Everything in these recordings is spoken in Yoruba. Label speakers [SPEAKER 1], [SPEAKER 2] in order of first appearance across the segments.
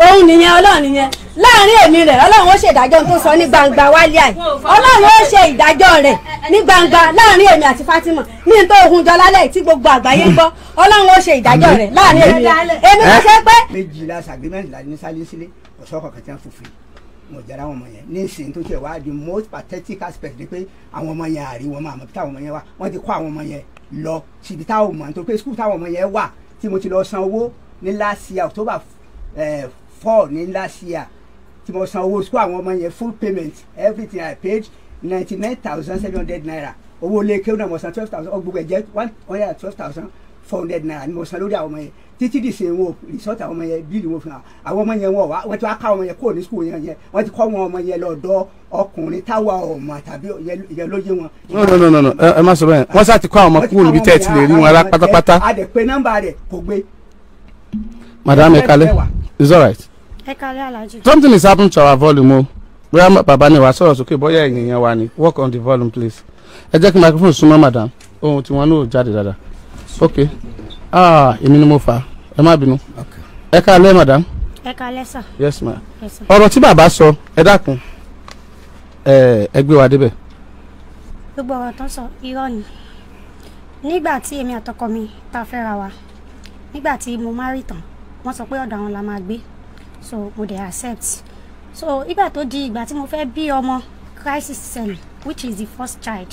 [SPEAKER 1] òun nìyẹn ọlọ́run nìyẹn láàrin èmi rẹ̀ ọlọ́run ó ṣe ìdájọ́ tó sọ ní gbangba wálé àì ọlọ́run ó ṣe ìdájọ́ rẹ̀ ní gbangba láàrin èmi àti Fatima ní n tó ohun jọ lálẹ́ tí gbogbo àgbáyé ń gbọ́ ọlọ́run ó ṣe ìdájọ́ rẹ̀ láàrin èmi rẹ̀ èmi kò ṣe
[SPEAKER 2] pé. méjìlá sàgbémẹ́rìnlá ní sálé sílé ọ̀ṣọ́ kọ̀ọ̀kan tí wọ́n fòfin wọn jara wọn ọmọ yẹn ní ìsìn tó tiẹ̀ wá the most pathetic aspect ni pé àwọn ọmọ yẹn àrí wọn máa mọ̀ bí táwọn ọmọ yẹn wà wọ́n ti kó àwọn ọmọ yẹn lọ síbi táwọn ọmọ tó pé skul táwọn ọmọ yẹn wà tí mo ti lọ san owó ní last year October eh, four ní last year tí mo san owó school àwọn ọmọ yẹn full payment everything i paid ninety nine thousand seven hundred naira owó ilé kéwù náà mo san twelve thousand ọgbọgbọ ẹ̀jẹ̀ one hundred and twelve thousand four hundred naira ni mo san lórí àwọn ọmọ yẹn títí di sèé wo resort àwọn ọmọ yẹn bíìlì wo fún wa àwọn ọmọ yẹn wọn wá wọn ti wá ká ọmọ yẹn kúrò ní school yẹn yẹn wọn ti kọ́ wọn ọmọ yẹn lọ́dọ̀ ọkùnrin táwa ọmọ tàbí yẹn lóye wọn.
[SPEAKER 3] no no no no ẹ má sọ bẹ́ẹ̀ wọ́n sá ti kọ́ àwọn ọmọ kúrò níbi tẹ́ ẹ ti lè rí wọn rá pátápátá.
[SPEAKER 2] a dẹ̀ pe nọ́mbà rẹ̀ kò gbé. madam ẹ kalẹ̀ it's all right something
[SPEAKER 3] is happening to our volume o bóyá bàbá ni wàá sọ̀rọ̀ sókè bóyá ẹ̀yìn yẹn wà ní work on the volume please ẹ jẹ́ kí microphone súnmọ́ madam ohun tí wọ́n náà jáde dáadáa ok ah èmi ni mo fà ẹ má bínú ẹ káalẹ́ madam.
[SPEAKER 1] ẹ
[SPEAKER 4] káalẹ́ sà. yes ma ọ̀rọ̀ tí bàbá sọ
[SPEAKER 3] ẹ dákun ẹ gbé wa débẹ̀.
[SPEAKER 4] gbogbo ọ̀rọ̀ tó ń sọ irọ́ ni nígbà tí èmi àtọkọ mi ta fẹ́ra wa nígbà tí mo má rí tán wọ́n sọ pé ọ̀dọ̀ àwọn la máa gbé so mo dey accept so ìgbà to di ìgbà tí mo fẹ́ bí ọmọ crisis cell which is the first child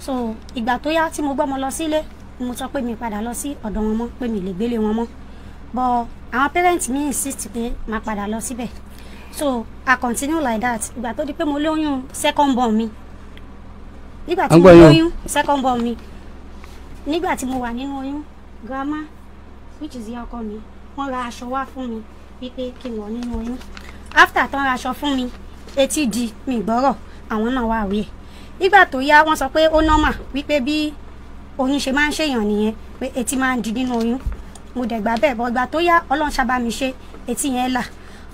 [SPEAKER 4] so ìgbà tó yá tí mo gbọ́mọ lọ sílé mo sọ pé mi padà lọ sí ọ̀dọ̀ wọn mọ́ pé mi lè gbélé wọn mọ́ but àwọn parents mi insist pé máa padà lọ síbẹ̀ so I continue like that ìgbà tó di pé mo lóyún second born mi nígbà tí mo lóyún second born mi nígbà tí mo wà nínú oyún grandma which is ìyá ọkọ mi wọ́n ra aṣọ wá fún mi wípé kí n wọ nínú oyún after tán ra aṣọ fún mi etí di mi gbọ́rọ̀ àwọn náà wà wí ẹ̀ nígbà tó yá wọ́n sọ pé ó nọ́mà wípé bí oyún ṣe máa ń ṣèyàn nìyẹn pé etí máa ń di nínú oyún mo dẹ̀ gbà bẹ́ẹ̀ bọ́ ìgbà tó yá ọlọ́run ṣàbá mi ṣe etí yẹn là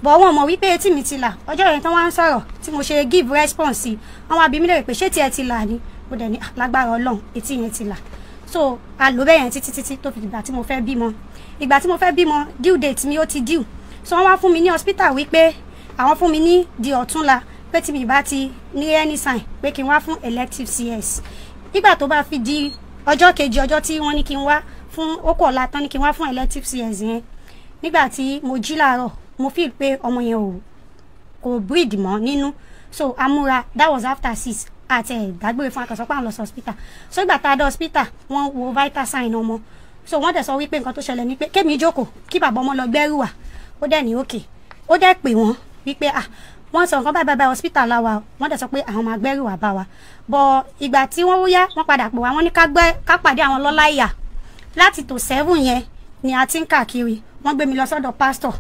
[SPEAKER 4] bọ̀ wọn mọ̀ wípé etí mi ti là ọjọ́ yẹn tán wá ń sọ̀rọ̀ tí mo ṣe give response sí wọn wá bi mí lérè pé ṣé tiẹ̀ ti là ni mo dẹ̀ ní ah, lágbára ọlọ́run etí yẹn ti là so a lò bẹ́ẹ̀ yẹn títí títí tó fi ìgbà tí mo fẹ́ bímọ ìgbà tí mo fẹ́ bímọ due date mi ó ti due so wọ́n wá fún mi ní hospital wípé àwọn fún mi ní di ọ̀túnla pé tí mi bá ti ní any sign pé kí n wá elective cs nígbà to bá fi di ọjọ́ kejì ọjọ́ tí wọ́n ní kí n wá fún ókú ọ̀la tán ní kí n elective cs yẹn nígbà tí mo jí làárọ̀ mo feel pe Omo yẹn ò kò breed mọ́ nínú so Amura, that was after six àti ẹ̀ẹ́dàgbére fún akọ̀sọ́ pàrọ̀ lọ sí hospital so ìgbà tá a dé hospital wọ́n wo vital sign ọmọ so wọ́n dẹ̀ sọ wípé nǹkan tó ṣẹlẹ̀ ni pé kémi jókòó kí bàbá ọmọ lọ gbẹ́rù wá ó dẹ̀ ní òkè ó dẹ̀ pè wọ́n wípé à wọ́n sọ nǹkan báyìí báyìí hospital la wa wọ́n dẹ̀ sọ pé àwọn máa gbẹ́rù wá bá wa bọ̀ ìgbà tí wọ́n wúyá wọ́n padà pè wá wọ́n ní ká pàdé àwọn lọ́lá ìyà láti tò sẹ́fùn yẹn ni a ti ń káàkiri wọ́n gbé mi lọ sọ́dọ̀ pásítọ̀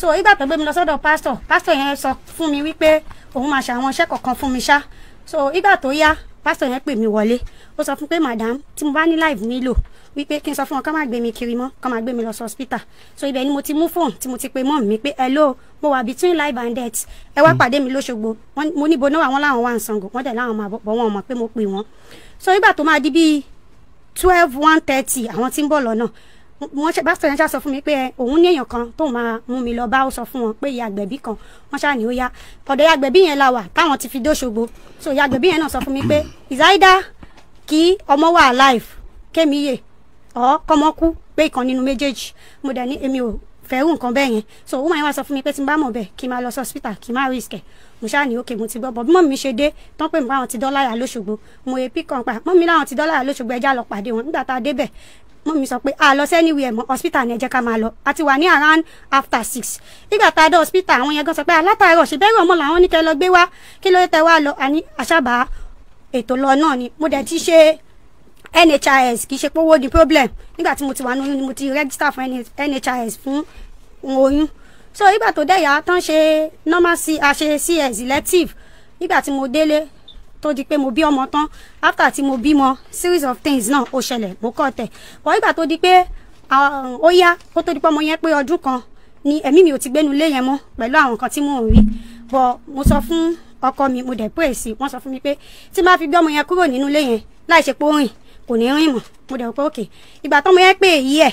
[SPEAKER 4] so ìgbà tó gbé mi lọ sọ́dọ̀ pásítọ̀ pásítọ̀ yẹn sọ fún mi wípé òun máa ṣe àwọn iṣẹ́ kọ̀ọ̀kan fún mi ṣá so ìgbà tó yá pásítọ̀ yẹn pè mí wọlé ó sọ fún pé madam tí mo bá ní live nílò wípé kí n sọ fún wọn ká má gbé mi kiri mọ́ ká má gbé mi lọ sí hospital so ibẹ̀ ni mo ti mú fóònù tí mo ti pe mọ́ọ̀mù mi pé hello mo wà between life and death ẹ wá hmm. pàdé mi lóṣogbo mo níbo náà àwọn làwọn wà ń sango wọ́n dẹ̀ láwọn máa bọ̀ wọ́n mọ̀ pé mo pè wọ́n so ìgbà tó máa di bíi twelve one thirty àwọn tí ń bọ̀ lọ́nà wọ́n ṣe pásítọ̀ yẹn ṣá sọ fún mi pé òun ní èèyàn kan tó máa mú mi lọ bá ó sọ fún wọn pé ìyá àgbẹ̀bí kan wọ́n ṣá ní ó yá ọ̀dọ̀ ìyá àgbẹ̀bí yẹn la wà táwọn ti fi dóṣogbo so ìyá àgbẹ̀bí yẹn náà sọ fún mi pé ìzáídá kí ọmọ wà alive kémi yè ọ́ kọ́mọ kú pé ìkan nínú méjèèjì mo dẹ̀ ní èmi ò fẹ́rù nǹkan bẹ́ẹ̀ yẹn so ó máa wá sọ fún mi pé tí n bá mọ̀ bẹ́ẹ̀ kí n máa lọ sí hospital kí n máa risk ẹ̀ mo ṣáà ní òkè mo ti gbọ́ bọ̀ bí mọ̀ mi ṣe dé tán pé mo bá wọn ti dọ́láyà lóṣogbo mo èpì kan pa mọ̀ mi láwọn ti dọ́láyà lóṣogbo ẹja lọ pàdé wọn nígbà tá a débẹ̀ mọ́mí sọ pé a ah, lọ sẹ́niwìẹ̀ mọ́ hospital ni ẹ jẹ́ ká máa lọ a ti wà ní around after six nígbà tá a dé hospital àwọn yẹn gan sọ pé alátàárọ̀ ah, ṣe bẹ́ẹ̀ rọ̀ mọ́ làwọn ní kẹ́ lọ gbé wá kí ló tẹ wá lọ àní àṣàbà ètò lọ náà ni mo dẹ̀ ti ṣe NHIS kì í ṣe pé owó ni problem nígbà tí mo ti wà ní oyún ni mo ti register fún NHIS fún oyún so nígbà tó dẹ̀ yà á tán ṣe normal c àṣe cs elective nígbà tí mo délé tó di pé mo bí ọmọ tán after tí mo bímọ series of things náà ó ṣẹlẹ̀ mo kọ́ tẹ̀ wọ́n ìgbà tó di pé ó yá kó tó di pé ọmọ yẹn pé ọdún kan ni ẹ̀mí mi ò ti gbénu lé yẹn mọ́ pẹ̀lú àwọn nǹkan tí mò ń rí bọ̀ mo sọ fún ọkọ mi mo dẹ̀ pé èsì wọ́n sọ fún mi pé tí máa fi gbé ọmọ yẹn kúrò nínú ilé yẹn láì ṣe pé ó rìn kò ní rìn mọ́ mo dẹ̀ pé òkè ìgbà tọ́mọ yẹn pé èyí ẹ̀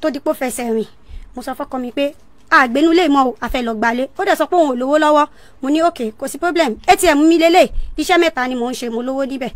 [SPEAKER 4] tó di pé ó fẹsẹ̀ rìn mo sọ fọ́kọ mi pé àgbénulé ah, mọ́ o àfẹlọ́gbalé ó dẹ̀ sọ pé òun ò lówó lọ́wọ́ mo ní òkè kò sí problem atm mi lélẹ̀ iṣẹ́ mẹ́ta ni mò ń ṣe mo lówó níbẹ̀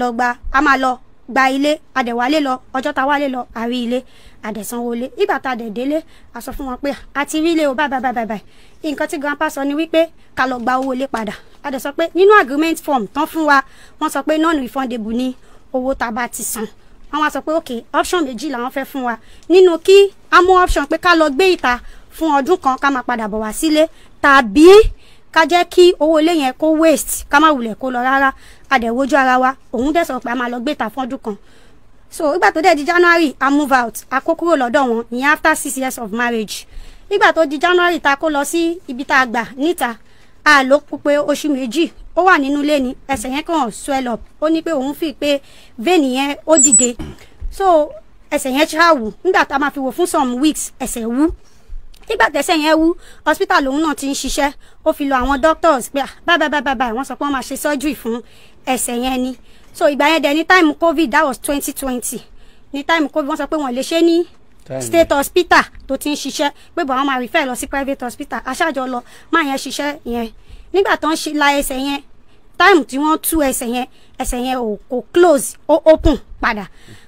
[SPEAKER 4] lọ gba a máa lọ gba ilé adẹ̀wálé lọ ọjọ́ ta wálé lọ àrí ilé àdẹ̀sánwólé ìgbà tá a dẹ̀ délé a sọ fún wọn pé àti rí ilé o bye bye bye bye nǹkan tí grandpa sọ ni wípé ká lọ gba owó ilé padà a dẹ̀ sọ pé nínú agreement form tán fún wa wọ́n sọ pé non refundable ni owó tá a bá ti san wọ́n sọ pé ok option méjì làwọn fẹ́ fún wa nínú kí a mú option pé ká lọ gbé ìta fún ọdún kan ká máa padà bọ̀ wá sílé tàbí ká jẹ́ kí owó ilé yẹn kó waste ká má wulẹ̀ kó lọ rárá a ara wa òun dẹ̀ sọ pé a máa lọ gbé ta fún ọdún kan so ìgbà tó dẹ̀ di January a move out a kó kúrò lọ́dọ̀ wọn ìyẹn after six years of marriage ìgbà tó di January ta kó lọ sí ibi tá a gbà níta a ló pé oṣù méjì ó wà nínú ilé ni ẹsẹ̀ yẹn kàn swell up ó ní pé òun fi pé vein yẹn ó dìde so ẹsẹ̀ yẹn ṣáà wù nígbà tá a máa fi wò fún some weeks ẹsẹ̀ wú nígbà tẹ́sẹ̀ yẹn wú hospital lòun náà ti ń ṣiṣẹ́ ó fi lọ àwọn doctors pé báyìí báyìí báyìí wọ́n sọ pé wọ́n máa ṣe surgery fún ẹsẹ̀ yẹn ni so ìgbà yẹn dẹ̀ ní time covid that was twenty twenty ní time covid wọ́n sọ pé wọ́n lè ṣe ní state hospital tó ti ń ṣiṣẹ́ pé bọ̀ wọ́n máa refer lọ sí private hospital aṣáájọ lọ máa yẹn ṣiṣẹ́ yẹn nígbà tó ń ṣe la ẹsẹ̀ yẹn time tí wọ́n tú ẹsẹ̀ yẹn ẹsẹ̀ yẹn ò kò close ó open padà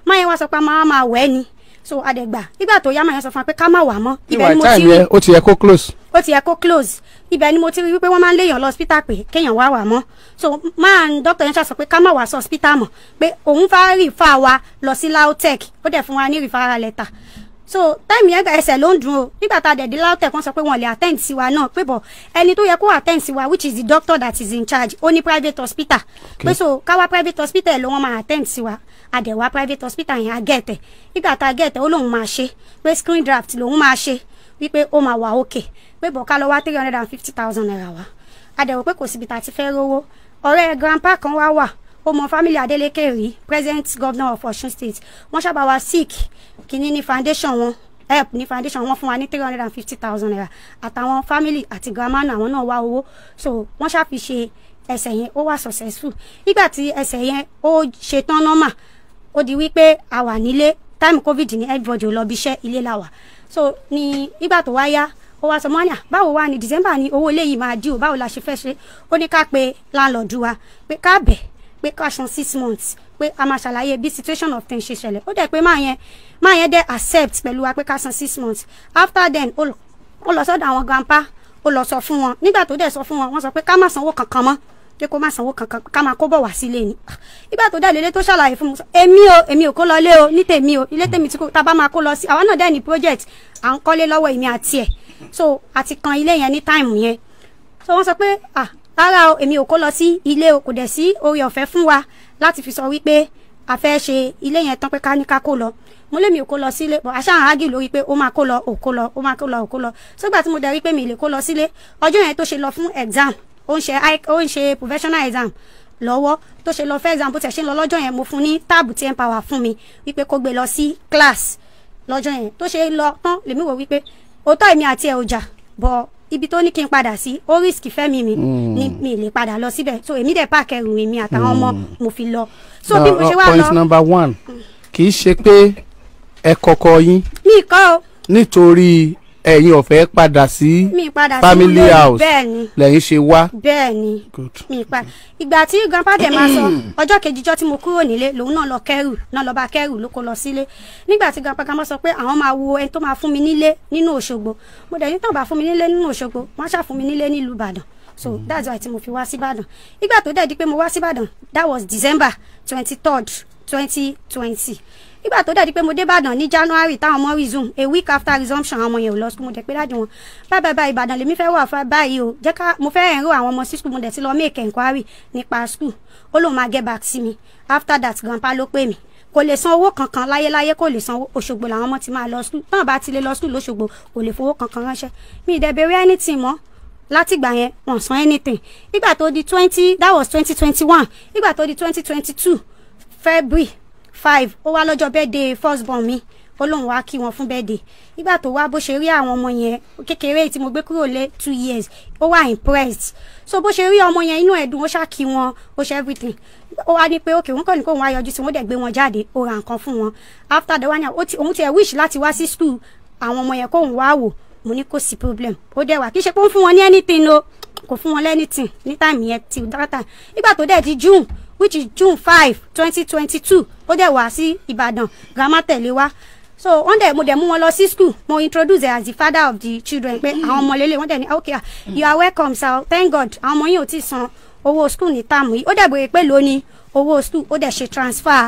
[SPEAKER 4] máa yẹn wá sọ pé máa máa wẹ̀ ni so adẹ̀gbà nígbà tó yá màá yẹn sọ fún wa pé ká má wà mọ́ ibẹ̀ ni mo ti rí
[SPEAKER 3] ó ti yẹ kó close
[SPEAKER 4] ó ti yẹ kó close ibẹ̀ ni mo ti rí wípé wọ́n máa ń léèyàn lọ hospital pé kéèyàn wá wà mọ́ so máa ń dókítà yẹn ṣàṣọ pé ká má wà sọ hospital mọ́ pé òun fa rìfà wa lọ sí lautech ó dẹ̀ fún wa ní rìfà letter so táìmì yẹn ẹsẹ̀ ló ń dùn o nígbà tá a dẹ̀ dé láwùtẹ̀ kan sọ pé wọn lè attend sí wa náà pé bọ̀ ẹni tó yẹ kó attend sí wa which is the doctor that is in charge ó ní private hospital pé so káwa private hospital ló wọn máa attend sí wa àdẹ̀wà private hospital yẹn agẹ́tẹ̀ nígbà tá a gẹ́tẹ̀ ó lóun máa ṣe pé screen draft lòun máa ṣe wípé ó máa wà òkè pé bọ̀ ká lọ wá three hundred and fifty thousand naira wa àdẹ̀wò pé kò síbi tá a ti fẹ́ rówó ọ̀rẹ́ grandpa kan wá wà ó mọ family Adeleke rí present governor of Osun state wọ́n sábà wá sick kínní ní foundation wọn help ní foundation wọn fún wa ní three hundred and fifty thousand naira àtàwọn family àti grandma náà àwọn náà wá owó so wọ́n ṣàfi ṣe ẹsẹ̀ yẹn ó wà successful nígbà tí ẹsẹ̀ yẹn ó ṣetán normal ó di wípé a wà nílé time covid ní everybody ò lọ bí iṣẹ́ ilé la wà so ní nígbà tó wá yá ó wá sọ mọ́ àyà báwo wá ní december ni owó ilé yìí máa dí o báwo la ṣe fẹ́ ṣe ó ní ká pe láńlọ́ọ̀dù wa pé ká bẹ̀ẹ́ pé káṣan six months pé a máa ṣàlàyé bí situation of ten ṣe ṣẹlẹ̀ ó dẹ̀ pé máa yẹn máa yẹn dẹ̀ accept pẹ̀lú wa pé káṣan six months after then ó lọ sọ́dọ̀ àwọn grandpa ó lọ sọ fún wọn nígbà tó dẹ̀ sọ fún wọn wọ́n sọ pé ká má sanwó kankan mọ́ pé kó má sanwó kankan ká máa kó bọ̀ wá sílé ni nígbà tó dẹ̀ lélé tó ṣàlàyé fún mi èmi o èmi ò kó lọ lé o ní tèmi o ilé tèmi tí kò tá a bá máa kó lọ sí àwọn náà dẹ̀ ní project à ń kọ́lé lọ́wọ́ èmi àti ẹ̀ so àti kan ilé yẹn ní táìmù yẹn so wọ́n sọ pé ah rárá o èmi ò kó lọ sí ilé o kò dẹ̀ sí oore ọ̀fẹ́ fún wa láti fi sọ wípé a fẹ́ ṣe ilé yẹn tán pé ká ní ká kó lọ mo lé mi ò kó lọ sílé bọ̀ àṣà àwọn ágì lórí pé ó máa kó lọ ò kó lọ ó máa kó lọ ò kó lọ sọgbà tí mo darí pé mi lè kó lọ sílé ọjọ́ yẹn tó ṣe lọ fún exam ó ń ṣe ó ń ṣe professional exam lọ́wọ́ tó ṣe lọ fẹ́ exam bó ti ṣe ń lọ lọ́jọ́ yẹn mo fún ní táàbù ten power fún mi wípé kó gbé lọ sí class lọ́jọ́ yẹn tó ṣe lọ tán lèmi wò wípé òótọ́ èmi àti ẹ̀ ò jà bọ̀ ibi tó ní kí n padà sí ó risk fẹ́mi mi ni hmm. mi lè padà lọ síbẹ̀ so èmi dẹ̀ pààkẹ́ ẹrù mi àtàwọn ọmọ hmm. mo fi lọ. so bí mo ṣe uh, wá lọ point number
[SPEAKER 3] one kì í ṣe pé ẹ kọkọ yín. mi kọ́ o. nítorí ẹ̀yin ọ̀fẹ́ padà sí
[SPEAKER 4] family house
[SPEAKER 3] lẹ́yìn ṣe wá.
[SPEAKER 4] bẹ́ẹ̀ni mi pa ìgbà tí grandpa dẹ̀ máa sọ ọjọ́ kejìjọ́ tí mo kúrò nílé lòun náà lọ kẹ́rù náà lọ bá kẹ́rù ló kó lọ sílé nígbà tí grandpa kan máa sọ pé àwọn máa wo ẹni tó máa fún mi nílé nínú Òṣogbo mo dẹ̀ ní tàn bá fún mi nílé nínú Òṣogbo wọ́n ṣá fún mi nílé nílùú Ìbàdàn so mm. that's why tí mo fi wá síbàdàn ìgbà tó dẹ̀ di pé mo wá síbàdàn that was December twenty third twenty twenty nígbà tó dàdí pé mo dé Ìbàdàn ní January táwọn ọmọ resume a week after resumption àwọn ọmọ yẹn ò lọ school mo dẹ̀ pé dájú wọn báyìí báyìí Ìbàdàn lèmi fẹ́ wà fún báyìí o jẹ́ ká mo fẹ́ enroll àwọn ọmọ sí school mo dẹ̀ ti lọ make inquiry nípa school ó lóun máa get back sí mi after that grandpa ló pè mí kò lè san owó kankan láyéláyé kò lè san Òṣogbo làwọn ọmọ ti máa lọ school náà bá ti lè lọ school lóṣogbo kò lè fowó kankan ránṣẹ́ mi ì dẹ̀ béèrè anything mọ́ látìgbà yẹn wọ́n san anything nígbà tó di twenty that was twenty twenty one nígbà tó di twenty twenty two February five ó wá lọ́jọ́ birthday first born mi ó lóun wá kí wọn fún birthday nígbà tó wá bó ṣe rí àwọn ọmọ yẹn kékeré tí mo gbé kúrò lé two years ó wà impressed so bó ṣe rí ọmọ yẹn inú ẹ̀dùn ó ṣáà kí wọn ó ṣe everything ó wá ní pé òkè wọn kàn ní kó òun wá yọjú sí wọn ó dẹ̀ gbé wọn jáde ó ra nǹkan fún wọn after the one year. òun tiẹ̀ wish láti wá sí school àwọn ọmọ yẹn kó òun wá wò mo ní kò sí problem ó dẹ̀ wà kí ṣe pé ó ń fún wọn ní anything o kò fún wọn lẹ́nìtìn ní táìmì yẹn ti dáadáa nígbà tó dẹ̀ di June which is June five twenty twenty two ó dẹ̀ wá sí ìbàdàn grandma tẹ̀lé wa so wọ́n dẹ̀ mo dẹ̀ mú wọn lọ sí school mo introduce as the father of the children pé àwọn ọmọ lélẹ̀ wọ́n dẹ̀ ní okay you are welcome sir thank god àwọn ọmọ yìí ò tí ì san owó school ní táàmù yìí ó dẹ̀ bèrè pé lónìí owó school ó dẹ̀ ṣe transfer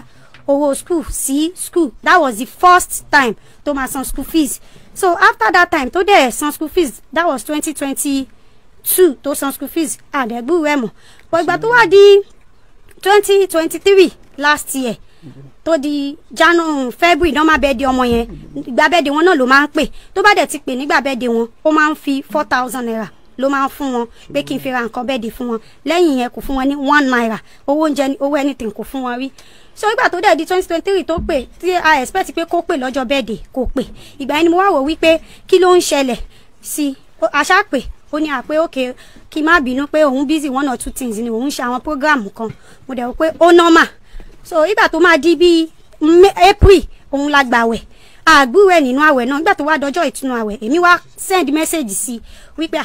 [SPEAKER 4] owó school sí school that was the first time tó máa san school fees so after that time tó dẹ̀ san school fees that was twenty twenty two tó san school fees àdẹ́gbù rẹ̀ mọ̀ but ìgbà tó wà di twenty twenty three last year tó di janu february náà máa bẹ́ẹ̀ di ọmọ yẹn ìgbà bẹ́ẹ̀ di wọn náà ló máa ń pè tó bá dẹ̀ ti pè nígbà bẹ́ẹ̀ di wọn ó máa ń fi four thousand naira ló máa ń fún wọn pé kí n fi ra nǹkan bẹ́ẹ̀ di fún wọn lẹ́yìn yẹn kò fún wọn ní one naira owó oúnjẹ owó anything kò fún wọn rí so ìgbà tó dẹ̀ di twenty twenty three tó pè tí a expect pé kó pè lọ́jọ́ bẹ́ẹ̀ dè kò pè ìgbà yẹn ni mo wá wò wípé kí ló ń ṣẹlẹ̀ sí àṣà pè ó ní àpé òkè kí n má bínú pé òun busy one or two things ni òun ṣe àwọn program kan mo dẹ̀ wò pé ó normal so ìgbà tó máa di bíi april òun la gbàwẹ̀ àgbúwẹ̀ nínú àwẹ̀ náà nígbà tó wá dọjọ́ ìtúnu àwẹ̀ èmi wá send message sí wípé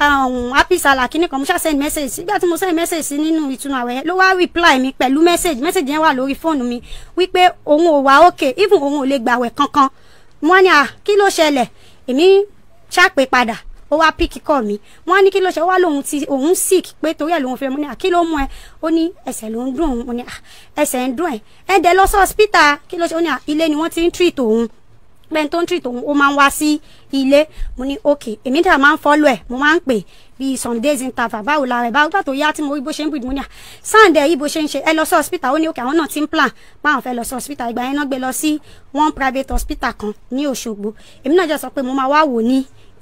[SPEAKER 4] um, happy salah kìíní kan mo ṣá send message nígbà tí mo send message sí nínú ìtúnu àwẹ̀ ló wá reply mi pẹ̀lú message message yẹn wà lórí fóònù mi wípé òun ò wá okay even òun ò lè gbàwẹ̀ kankan wọ́n ní à kí ló ṣẹlẹ̀ èmi ṣàpè padà ó wá píkì kọ́ mi wọ́n á ní kí ló ṣe ó wá lóun ti òun sick pé torí ẹ̀ lòun fẹ́ mo ní à ló mú ẹ ó ní ẹsẹ̀ ló ń dùn òun mo ní à ń dùn ẹ̀ ẹ̀ dẹ̀ lọ sí hospital kí ló ṣe ó ní à ilé ni wọ́n ti ń treat òun pẹ́ẹ́n tó ń treat òun ó máa ń wá sí ilé mo ní okay èmi dà máa ń follow ẹ̀ mo máa ń pè bíi some days interval báwo la rẹ̀ báwo gbà tó yá tí mo rí bó ṣe ń bùdí mo ní à sànńdẹ yìí bó ṣe ń ṣe ẹ lọ sí hospital ó ní okay àwọn náà ti ń plan báwọn fẹ́ lọ sí hospital ìgbà yẹn náà gbé lọ sí one private hospital kan ní Òṣogbo èmi náà jẹ́ sọ pé mo máa wá wò ní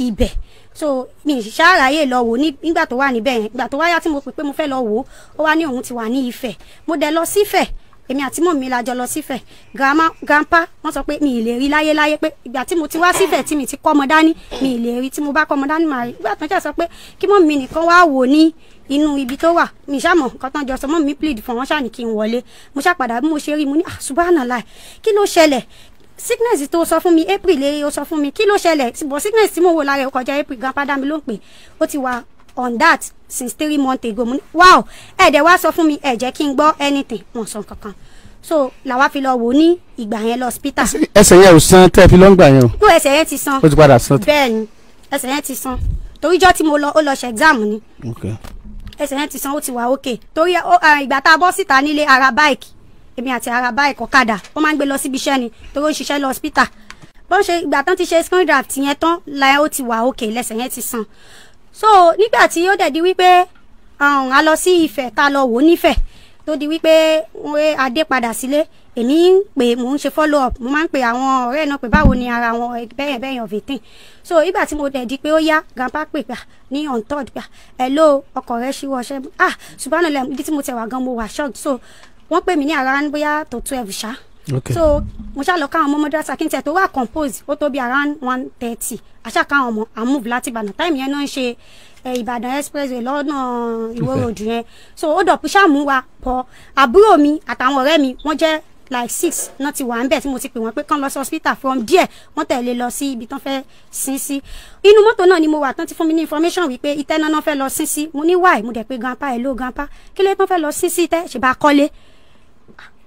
[SPEAKER 4] ibẹ̀ so mi ṣáàráyè lọ wò nígbà tó wà níbẹ̀ yẹn nígbà tó wáyà tí mo pè pé mo fẹ́ lọ wò ó wá ní òun ti wà ní Ifẹ̀ mo dẹ̀ lọ sífẹ̀ èmi àti mọ̀mí la jọ lọ sífẹ̀ grandma grandpa wọ́n sọ pé mi ì lè rí láyéláyé pé ìgbà tí mo ti wá sífẹ̀ tí mi ti kọ́ ọmọ dání mi ì lè rí tí mo bá kọ́ ọmọ dání màá rí ìgbà tó ń jà sọ pé kí mọ̀mí nìkan wá wò ní inú ibi tó wà mi ṣàmọ nǹkan tán jọ sọ mọ mi plead fún wọn ṣáà kí n wọlé mo ṣàpàdà bí mo ṣe rí mo ní ah subhanallah kí ló ṣẹlẹ̀ sickness tó sọ fún mi april lè eh, o sọ fún mi kí ló ṣẹlẹ̀ bọ̀ sickness tí mo wò lára ẹ̀ kọjá april gan padà mi ló ń pè ó ti wà on that since three months ago wow ẹ̀ dẹ̀ wá sọ fún mi ẹ̀ jẹ́ kí n gbọ́ anything wọn sọ kankan so làwa fi lọ wò ní ìgbà yẹn lọ hospital. ẹsẹ̀ yẹn ò san
[SPEAKER 3] tẹ́ fi lọ ń gbà yẹn o.
[SPEAKER 4] no ẹsẹ̀ yẹn ti san. ó ti padà san. bẹ́ẹ̀ni ẹsẹ̀ yẹn ti san torí jọ́ tí mo lọ ó lọ ṣe exam ni. ẹsẹ̀ yẹn ti san ó ti wà okay torí ìgbà tá a bọ́ síta nílé ara báìkì èmi àti araba ìkọkadà ó máa ń gbé lọ síbi iṣẹ́ ni torí ó ṣiṣẹ́ lọ hospital bó ṣe ìgbà tán ti ṣe skin graft yẹn tán la ó ti wà òkè lẹ́sẹ̀ yẹn ti sàn so nígbà tí ó dẹ̀ di wípé um, a lọ sí Ifẹ̀ tá a lọ wò nífẹ̀ tó di wípé adé padà sílé èmi ń pè mò ń ṣe follow up mo máa ń pè àwọn ọ̀rẹ́ náà pé báwo ni ara wọn bẹ́yẹn bẹ́yẹn ọ̀vẹ̀tìn so ìgbà tí mo dẹ̀ di pé ó yá grandpa pè gbà ní on third gbà hello ọkọ̀ rẹ̀ ṣíwọ́ ṣẹ́ ah subhanallah ibi tí mo tẹ̀ wá gan mo wà shocked so wọ́n pè mí ní around bóyá tó twelve ṣá so mo ṣá lọ káwọn ọmọ mọdúrásà kí n tẹ tó wà compose ó tó bí around one thirty àṣà káwọn ọmọ à ń move láti ìbàdàn táìmù yẹn náà ń ṣe eh, ìbàdàn expressway lọ́nà ìwó ròdù yẹn so ó dọ̀pù ṣáàmù wa pọ̀ àbúrò mi àtàwọn ọ̀rẹ́ mi wọ́n jẹ́ like six náà ti wà ń bẹ̀ tí mo ti pè wọ́n pé kán lọ sí hospital from there wọ́n tẹ̀lé lọ sí ibi tán fẹ́ sin sí inú mọ́tò náà ni mo wà tán ti fún mi ní information wípé itẹ́ náà náà fẹ́ lọ sin sí mo ní why mo dẹ̀ pé grandpa ẹ̀ ló grandpa kí ló tán fẹ́ lọ sin sí itẹ́ ṣèbá kọ́lé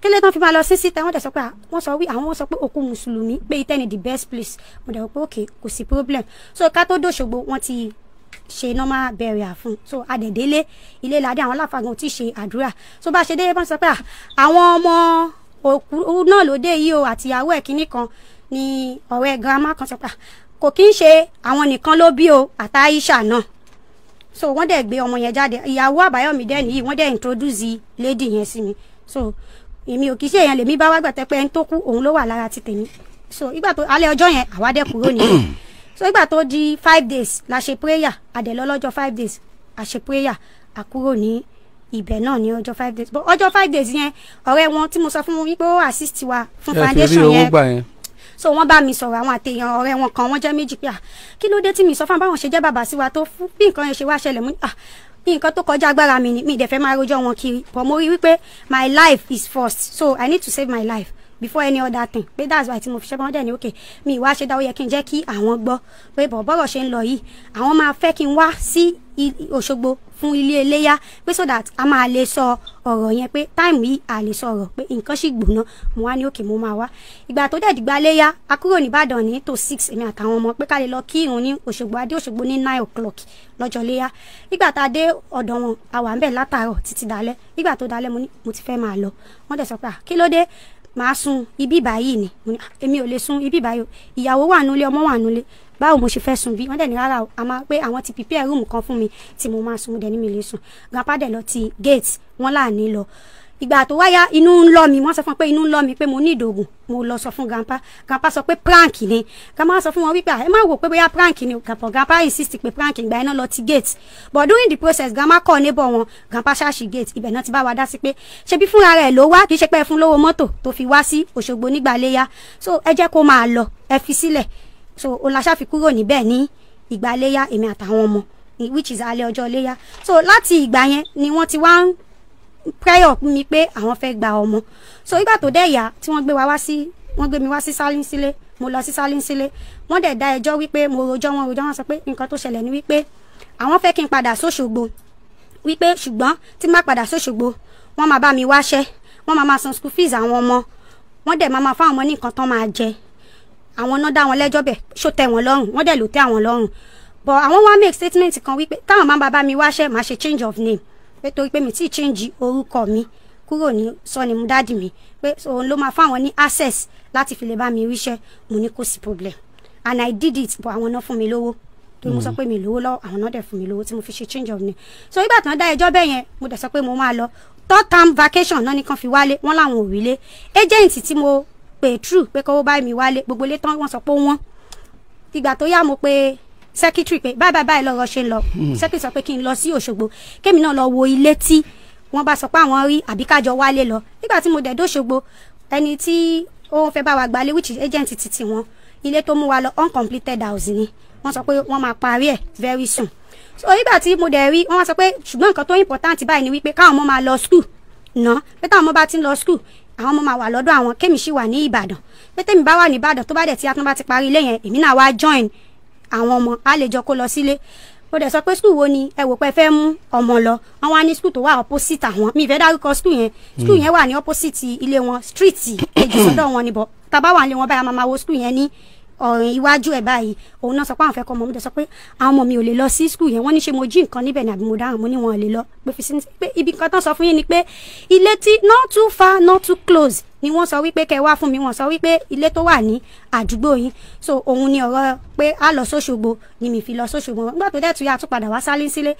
[SPEAKER 4] kí lè tán fi máa lọ sí síta wọ́n dẹ̀ sọ pé wọ́n sọ wí àwọn sọ pé òkú mùsùlùmí pé ìtẹ́ ni the best place mo dẹ̀ pé òkè kò sí problem so ká tó dòṣogbo wọ́n ti ṣe normal burial fún so adẹ̀dẹ́lé ilé ládé àwọn aláfàgàn tí ṣe àdúrà so bá ṣe dé wọ́n sọ pé ah, àwọn ọmọ òkú náà ló dé yìí o àtìyàwó ẹ̀ kínní kan ni ọ̀rẹ́ grandma kan sọ pé ah, kò kí ń ṣe àwọn nìkan ló bí o àtàyíṣà náà so wọ́n dẹ̀ gbé ọmọ yẹn jáde ìyàwó àbáyọ̀mí yìí wọ́n dẹ̀ introduce lady yẹn sí mi so èmi ò kì í ṣe èèyàn lèmi bá wá gbàtẹ́ pé ẹni tó kú òun ló wà lára ti tèmi so ìgbà tó alẹ́ ọjọ́ yẹn àwa dẹ̀ kúrò nìyẹn so ìgbà tó di five days la ṣe prayer àdẹ̀lọ́lọ́jọ́ five days a ṣe prayer a kúrò ní ibẹ̀ náà ní ọjọ́ five days but ọjọ́ five days yẹn ọ̀rẹ́ wọn tí mo sọ fún wípé ó assist wa fún foundation yẹn so wọ́n bá mi sọ̀rọ̀ àwọn àtẹ̀yàn ọ̀rẹ́ wọn kan wọ́n jẹ́ méjì pé à kí ló dé tí mi sọ fún àwọn ṣe jẹ́ bàbá sí wa tó fún bí nǹkan yẹn ṣe wá ṣẹlẹ̀ mú à nǹkan tó kọjá agbára mi ni mi dẹ̀ fẹ́ máa rojọ́ wọn kiri but mo rí wípé my life is first so i need to save my life before any other thing pé that's why tí mo fi ṣe bọ́ndẹ̀ ni ok mi ìwà ṣe dáwọ́ yẹ kí n jẹ́ kí àwọn gbọ́ pé bọ̀bọ̀rọ̀ ṣe ń lọ yìí àwọn máa fẹ́ kí n wá sí Òṣogbo fún ilé iléyá pé so that a máa lè sọ ọ̀rọ̀ yẹn pé táìmù yìí a lè sọ̀rọ̀ pé nǹkan sì gbóná mo wá ní òkè mo máa wá ìgbà tó dẹ̀ dìgbà léyà a kúrò nìbàdàn ní tó six èmi àtàwọn ọmọ pé ká lè lọ kí irun ní òṣogbo adé òṣogbo ní nine o'clock lọ́jọ́ léyà nígbà tá a dé ọ̀dọ̀ wọn a wà ń bẹ̀ látàárọ̀ títí dalẹ́ nígbà tó dalẹ́ mo ní mo ti fẹ́ máa lọ wọ́n dẹ̀ sọ pé à kí ló dé màá sun ibi báyìí ni èmi ò lè sun ibi báyìí ìyàwó wà nulẹ̀ ọmọ wà nulẹ̀ báwo mo ṣe fẹ́ sùn bí wọ́n dẹ̀ ní rárá o àmọ́ pé àwọn ti prepare room kan fún mi tí mo máa sùn mo dẹ̀ ní mi lè sùn grandpa dẹ̀ lọ ti gate wọ́n láàánú lọ ìgbà tó wáyá inú ń lọ mi wọ́n sọ fún pé inú ń lọ mi pé mo ní ìdògùn mo lọ sọ fún grandpa grandpa sọ pé prank ni grandpa sọ fún wọn wípé ah, ẹ má wò pé bóyá prank ni grandpa grandpa insist pé prank ìgbà iná lọ ti gate but during the process grandma call neighbor wọn grandpa ṣáàṣì gate ibẹ̀ náà ti bá wa dá sí pé ṣebí fúnra rẹ̀ ló wá kì í ṣe pé ẹ fún lówó mọ́tò tó fi wá sí Òṣogbo nígbà léyà so ẹ jẹ́ kó máa lọ ẹ fi sílẹ̀ so ó la ṣáfi kúrò níbẹ̀ ní ìgbà léyà èmi àtàwọn ọmọ which is alẹ́ ọjọ́ léyà so láti ìgbà yẹn ni wọ́n ti wá ń prayer mi pé àwọn fẹ́ gba ọmọ so ìgbà tó dẹ̀ yá tí wọ́n gbé wa wá sí wọ́n gbé mi wá sí sálínsílé mo lọ sí sálínsílé wọ́n dẹ̀ dá ẹjọ́ wípé mo rojọ́ wọn rojọ́ wọn sọ pé nǹkan tó ṣẹlẹ̀ ni wípé àwọn fẹ́ kí n padà sóṣogbo wípé ṣùgbọ́n tí má padà sóṣogbo wọ́n máa bá mi wáṣẹ́ wọ́n máa máa san school fees àwọn ọmọ wọ́n dẹ̀ máa máa fáwọn ọmọ ní nǹkan tán máa jẹ àwọn náà dá wọn lẹ́jọ́ bẹ̀ ṣó tẹ́ wọn lọ́rùn wọ́n dẹ̀ ló tẹ́ àwọn lọ́rùn but àwọn wá make statement kan wípé táwọn máa bàbá mi wáṣẹ́ máa ṣe change of name pé torí pé mi ti change orúkọ mi kúrò ní sọni mu dáàdì mi pé òun ló máa fáwọn ní access láti fi lè bá mi ríṣẹ́ mo ní kò sí problem and i did it but àwọn náà fún mi lówó tó mo sọ mm. pé mi lówó lọ́wọ́ àwọn náà dẹ̀ fún mi lówó tí mo fi ṣe change of name so nígbà tí wọ́n dá ẹjọ́ bẹ́ẹ̀ yẹn mo dẹ̀ sọ pé mo máa lọ third term vacation náà nìkan fi wálé wọ́n láwọn ò rí lé agent tí mo pé true pé kọ́wọ́ báyìí mi wálé gbogbo ilé tán wọ́n sọ pé wọ́n ìgbà tó yá mo pé secretary pé báyìí báyìí báyìí lọ́rọ̀ ṣe ń lọ hmm. secretary sọ pé kí n lọ sí Òṣogbo kémi náà lọ wo ilé tí wọ́n bá sọ pé àwọn rí àbí kájọ wálé lọ nígbà tí mo dẹ̀ dóṣogbo ẹni tí ó ń fẹ́ bá wa gbalé which is agent ti tiwọn ilé tó mú wa lọ uncompleted house ni wọ́n sọ pé wọ́n máa parí ẹ̀ very soon so nígbà tí mo dẹ̀ rí wọ́n wá sọ pé ṣùgbọ́n nǹkan tó important báyìí ni wípé káwọn ọmọ máa lọ school ná pé táwọn ọmọ bá ti ń lọ school àwọn ọmọ máa wà lọ́dọ̀ àwọn kémi sì wà ní ìbàdàn pé tèmi bá wà ní ìbàdàn tó bá dẹ̀ tí atún bá ti parí ilé yẹn èmi náà wá join àwọn ọmọ á lè jọ kó lọ sílé ó dẹ̀ sọ pé skul wo ni ẹ wò pé fẹ́ mú ọmọ lọ wọn wá ní skul tó wà opposite àwọn mi ìfẹ́ dárúkọ skul yẹn skul yẹn wà ní opposite ilé wọn street kejì sọ́dọ̀ wọn níbọ̀ tàbá wà ní wọn báyà máa wo skul yẹn ní ọ̀rìn iwájú ẹ̀ báyìí òun náà sọ pé àwọn fẹ́ kọ́ ọmọ mi dẹ̀ sọ pé àwọn ọmọ mi ò lè lọ sí skul yẹn wọ́n ní ṣe mo jí nǹkan níbẹ̀ ni àbí mo dáhùn mo ní wọn ò lè lọ pé fi sí pé ibi kan tán sọ fún yín ni pé ilé tí not too far not too close ni wọ́n sọ wípé kẹ́ ẹ wá fún mi wọ́n sọ wípé ilé tó wà ní àdúgbò yín so òun ni ọ̀rọ̀ pé a lọ sóṣogbo ni mi fi lọ sóṣogbo nígbà tó dẹ̀ tún yà tún padà wá sálé sílé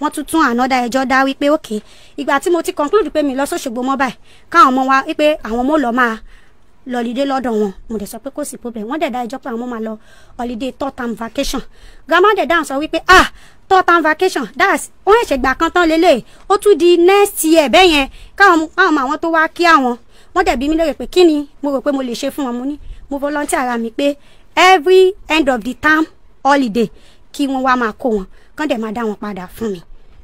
[SPEAKER 4] wọ́n tún tún ànádà ẹjọ́ dá wípé okay ìgbà tí mo ti conclude pé mi lọ sóṣogbo mọ́ báyìí káwọn ọmọ wa wípé àwọn ọmọ lọ máa lọ́lídé lọ́dọ̀ wọn mo dẹ̀ sọ pé kò sí problem wọ́n dẹ̀ dá ẹjọ́ pé àwọn máa lọ holiday third term vacation grandma dẹ̀ dáhùn sọ wípé ah third term vacation that's wọ́n ẹ̀ṣẹ̀ gbà kan tán lélẹ̀ ó tún di next year bẹ́ẹ̀ yẹn káwọn àwọn àwọn tó wá kí àwọn wọ́n dẹ̀ bí mi lóye pé kí ni mo rò pé mo lè ṣe fún wọn mo ní mo volunteer ara mi pé every end of the term holiday kí wọ́n wá máa kó wọn kán dẹ̀ máa dá wọn padà fún mi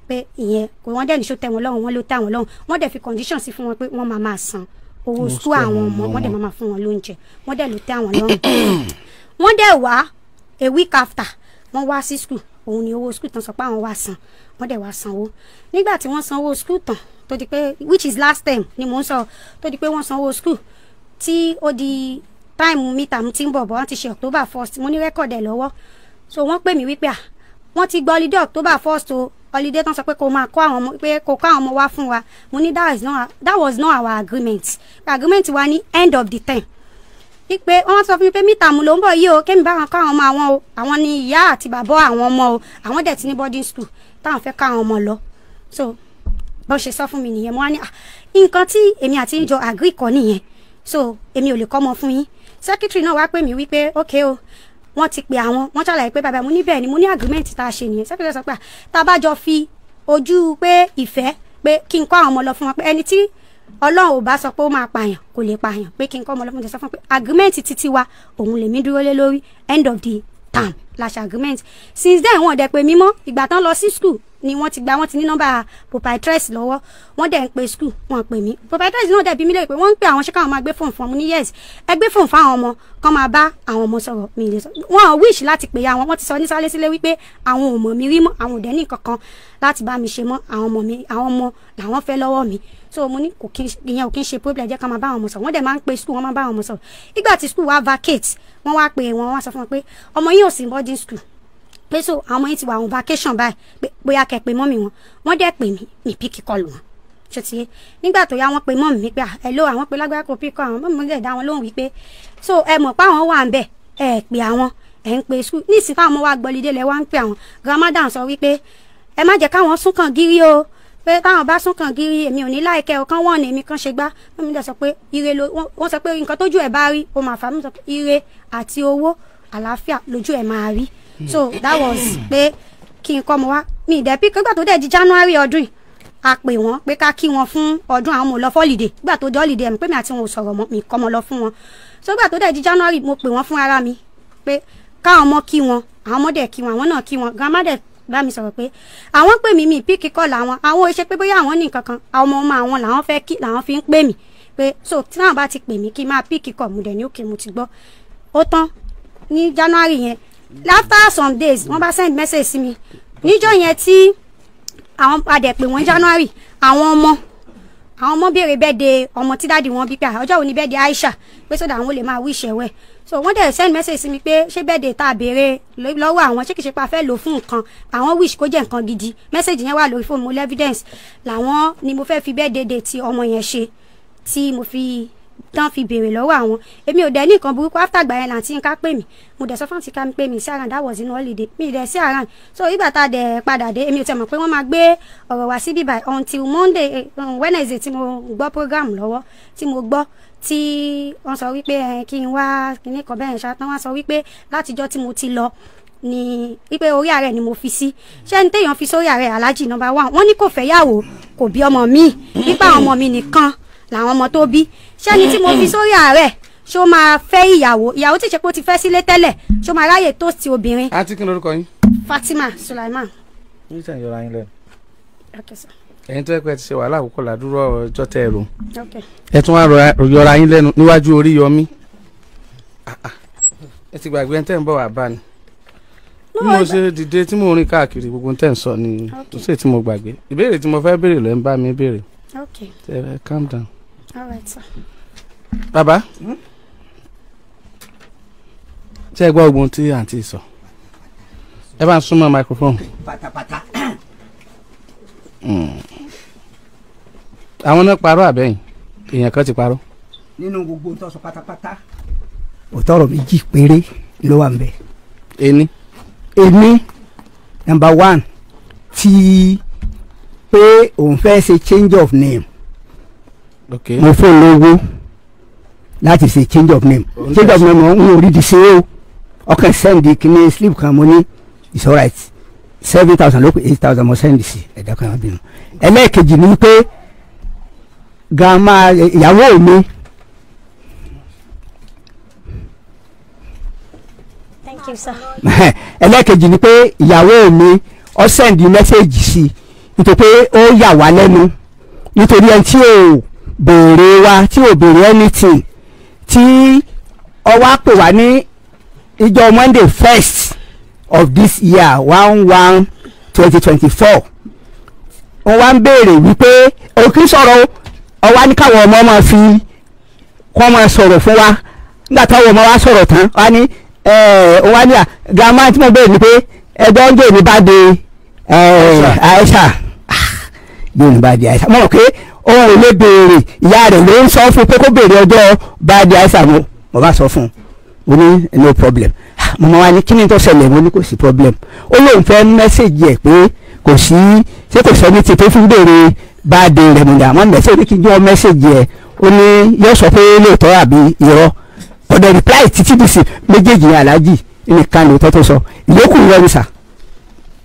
[SPEAKER 4] pé ìyẹn kò wọ́n dẹ̀ níṣó tẹ́ wọn lọ́rùn wọ́n ló tẹ́ àwọn lọ́rùn wọ́n dẹ̀ fi condition sí fún wọn pé wọ́n máa máa san owó sùkúù àwọn ọmọ wọ́n dẹ̀ máa fún wọn lóúnjẹ wọ́n dẹ̀ ló tẹ́ àwọn lọ́rùn wọ́n dẹ̀ wá a week after wọ́n wá sí sùkúù òun ni owó sùkúù tán sọ pé àwọn wá san wọ́n dẹ̀ wá sanwó nígbà tí wọ́n sanwó sùkúù tán tó di pé which is last term ni mò ń sọ tó di pé wọ́n sanwó sùkúù tí ó di time mítà tí ń bọ̀ bọ̀ wọ́n ti ṣe October first mo ní rẹ́kọ̀dì ẹ̀ lọ́wọ́ so wọ́n pè mí wípé à wọ́n ti gba holiday October first o holiday tán sọ pé kó máa kó àwọn ọmọ pé kó kó àwọn ọmọ wá fún wa mo ní that was not that was not our agreement agreement wa ní end of the term wípé wọ́n sọ fún mi pé mítà mú ló ń bọ̀ yìí o kémi báwọn káwọn ọmọ àwọn o àwọn ni ìyá àti bàbá àwọn ọmọ o àwọn dẹ̀ ti ní boarding school táwọn fẹ́ káwọn ọmọ lọ so bó ṣe sọ fún mi nìyẹn mo wá ní ah, nǹkan tí èmi àti ń jọ agree kọ nìyẹn so èmi ò lè kọ́ ọmọ fún yín secretary náà wá pè mí wípé ok o wọ́n ti pe àwọn wọ́n ṣàlàyé pé bàbá mo ní bẹ́ẹ̀ ni mo ní agreement tá a ṣe nìyẹn sẹ́kẹ̀tẹ̀ sọ pé tá a bá jọ fi ojú pé ìfẹ́ pé kí n kọ́ àwọn ọmọ lọ fún wọn pé ẹni tí ọlọ́run ò bá sọ pé ó máa pààyàn kò lè pààyàn pé kí n kọ́ ọmọ lọ́mọdé sọ fún pé agreement títí wa òun lèmi dúró lé lórí end of the term la ṣe agreement since then wọn ò dẹ̀ pé mímọ́ ìgbà tán lọ sí school ni wọ́n ti gba wọ́n ti ní nọ́mbà proprietress lọ́wọ́ wọ́n dẹ̀ ń pe school wọ́n pè mí proprietress náà dẹ̀ bí mi lè pé wọ́n ń pe àwọn ṣé káwọn máa gbé fóònù fún ọmọ ní yes ẹ gbé fóònù fáwọn ọmọ kán máa bá àwọn ọmọ sọ̀rọ̀ mi lè sọ wọ́n ò wíṣì láti pè ya wọn wọ́n ti sọ ní sálé sílé wípé àwọn ò mọ̀ mi rí mọ́ àwọn ò dẹ̀ ní kankan láti bá mi ṣe mọ́ àwọn ọmọ mi àwọn ọmọ làwọn fẹ́ lọ́wọ́ mi so mo ní kò kí ìyẹn ò kí ń ṣe problem jẹ́ ká máa bá àwọn ọmọ sọ̀rọ̀ wọ́n dẹ̀ máa ń pe school wọ́n máa bá àwọn ọmọ sọ̀rọ̀ ìgbà tí school wa vacate wọ́n wá pe wọ́n wá sọ fún wọn pé ọmọ yín ò sí boarding school pé so àwọn ọmọ yẹn ti wà àwọn vacation báyìí pé bóyá kẹ pé mọ́mì wọn wọ́n dẹ̀ pè mí ní píkì kọlù wọn ṣó ti yé nígbà tó yá wọ́n pe mọ́mì mi pé ah, hello àwọn pé lágbára kò píkọ àwọn mọ́mì dẹ̀ dá wọn lóhùn wípé so ẹ mọ̀ pé àwọn wà ń bẹ̀ ẹ pè àwọn ẹ ń pe school ní ìsìnkú àwọn ọmọ wa gbọ́lidé lẹ wá ń pè àwọn grandmother sọ wípé ẹ má jẹ́ káwọn sún kàn gírí o pé táwọn bá sún kàn gírí èmi ò ní láìkẹ́ ọkàn wọ́n ní èmi kan ṣe gbá mọ́mí dẹ̀ sọ pé ire ló wọ́n sọ pé nǹkan tójú ẹ̀ bá rí o mà fà mí sọ pé ire àti owó àlàáfíà lójú ẹ̀ máa rí so that was pé kí n kọ́ mo wá mi ìdẹ́pí kan gbà tó dẹ̀ di january ọdún yìí a pè wọ́n pé ká kí wọn fún ọdún àwọn mo lọ fọ́lìdè gbà tó di holiday mi pé mi àti wọn ò sọ̀rọ̀ mọ́ mi kọ́ mo lọ fún wọn so gbà tó dẹ̀ di january mo pè wọ́n fún ara mi pé káwọn ọmọ kí wọn àwọn ọmọ dẹ̀ kí wọn àwọn náà kí wọn grandma dẹ̀ bá mi sọ̀rọ̀ pé àwọn pè mí mi ìpíkì kọ́ làwọn àwọn ò ṣe pé bóyá àwọn ní nǹkan kan àwọn ọmọ àwọn làwọn fẹ́ kí làwọn fi ń pè mí pé so tí wọn bá ti pè mí kí n máa píkì kọ̀ mo dẹ̀ ní òkè mo ti after some days wọ́n bá send message sí mi níjọ́ yẹn tí àwọn padà pé wọ́n january àwọn ọmọ àwọn ọmọ béèrè birthday ọmọ tí dáàdi wọn bí pé ọjọ́ òní birthday Aisha pé sódà àwọn olè máa wish ẹ̀wẹ̀ so wọ́n dẹ̀ send message sí mi pé ṣé birthday tá a béèrè lọ́wọ́ àwọn ṣé kìí ṣe pa fẹ́ lò fún nǹkan àwọn wish kó jẹ́ nǹkan gidi message yẹn wà lórí fóònù mo evidence làwọn ni mo fẹ́ fi birthday date ti ọmọ yẹn ṣe tí mo fi tán fi béèrè lọ́wọ́ àwọn èmi ò dẹ̀ ní nǹkan burúkú after gbà yẹn làǹtí nǹkan pè mí mo dẹ̀ sọ fún àǹtí ká pè mí sí àràn that was in holiday mi dẹ̀ sí àràn so ìgbà tá a dẹ̀ padà dé èmi ò tẹ̀ mọ̀ pé wọ́n máa gbé ọ̀rọ̀ wá síbí báyìí until monday um, wednesday tí mo gbọ́ program lọ́wọ́ tí mo gbọ́ tí wọ́n sọ wípé kí n wá kíní kan bẹ́ẹ̀ ṣá tán wọ́n sọ wípé látijọ́ tí mo ti lọ ni wípé orí ààrẹ ni mo fi sí ṣé ní téèyàn fi sórí ààrẹ aláàjì number one wọ́n ní kò fẹ́ yàwó kò bí ọmọ mi nípa ọmọ mi nìkan làwọn ọmọ tó bí ṣẹ́ni tí mo fi sórí ààrẹ ṣó máa fẹ́ ìyàwó ìyàwó tí ìṣepò ti fẹ́ sílé tẹ́lẹ̀ ṣó máa ráyè tó ti obìnrin.
[SPEAKER 3] àǹtí kí ni orúkọ yín. Fatima Sulaiman. yín sàn yọra yín lẹ́nu. ẹ̀yin tó yẹ pé ẹ ti ṣe wàhálà àkókò làdúró ọjọ́ tẹ́ ẹ rò. ẹ tún wá yọra yín lẹ́nu níwájú orí yọmí. ẹ ti gbàgbé ẹ tẹ́ ń bọ̀ wá bá ni bí mo ṣe dìde tí mo rìn káàkiri gbogbo tẹ̀ ń sọ ni tó ṣe tí mo gbàgbé ìbéèrè tí mo fẹ́ béèrè lẹ́ ń bá mi béèrè. okay. calm down. All right, sir. Bàbá. Hmm? Ṣé ẹ gbọ́ ogun tí àǹtí sọ? Ẹ bá ń súnmọ́ microphone. Pátápátá. Hmm. Àwọn náà parọ́ àbẹ́yìn. Èèyàn kan ti parọ́.
[SPEAKER 2] Nínú gbogbo tó sọ pátápátá. Òótọ́ ọ̀rọ̀ méjì péré ló wà ń bẹ̀. Ení. Ení number one ti pé òun fẹ́ ṣe change of name
[SPEAKER 3] mo fún
[SPEAKER 2] lówó láti ṣe change of name okay. Oh, change of name n ò rí di ṣe o ọkàn send kìíní slip kan mo ní it's alright seven thousand ló eight thousand mo sẹ́ndì sí ẹ̀dá kan ọ̀bìnú ẹlẹ́ẹ̀kejì ni pé grandma ìyàwó mi. thank you sir. ẹlẹ́ẹ̀kejì ni pé ìyàwó mi ọ sẹ́ndì mẹ́sẹ̀gì sí i nítorí pé ó yà wá lẹ́nu nítorí ẹni tí ò béèrè wa tí ò béèrè anything tí ọwọ́ pè wá ní ìjọ monday first of this year one one twenty twenty four wọ́n wá ń béèrè wípé òkè sọ̀rọ̀ ọwọ́ ní káwọn ọmọ máa fi kọ́ máa sọ̀rọ̀ fún wa nígbà táwọn ọmọ wa sọ̀rọ̀ tán wá ní wá ní à grandma tí mo béèrè ni pé ẹgbẹ́ oúnjẹ mi bá de Aisha ah, yóò ní bá de Aisha mo rò pé òun ò lè béèrè ìyá rẹ̀ ló ń sọ fún pé kó béèrè ọjọ́ báàdì àìsàn mo mo bá sọ fún un mo ní no problem mo máa wá ní kí ni tó ṣẹlẹ̀ mo ní kò sí problem ó lóun fẹ́ mẹ́sẹ̀gì ẹ̀ pé kò sí ṣé kò sọ ní ti tó fún béèrè báàdì rẹ̀ mo ní àmọ́ mẹ́sẹ̀ ní kí n jọ mẹ́sẹ̀gì ẹ̀ ó ní yóò sọ pé lóòótọ́ àbí irọ́ ọ̀dọ̀ reply títí dìsí méjèèjì aláàjì nìkan lóòótọ́ tó sọ ìyókù rẹ̀ ní sà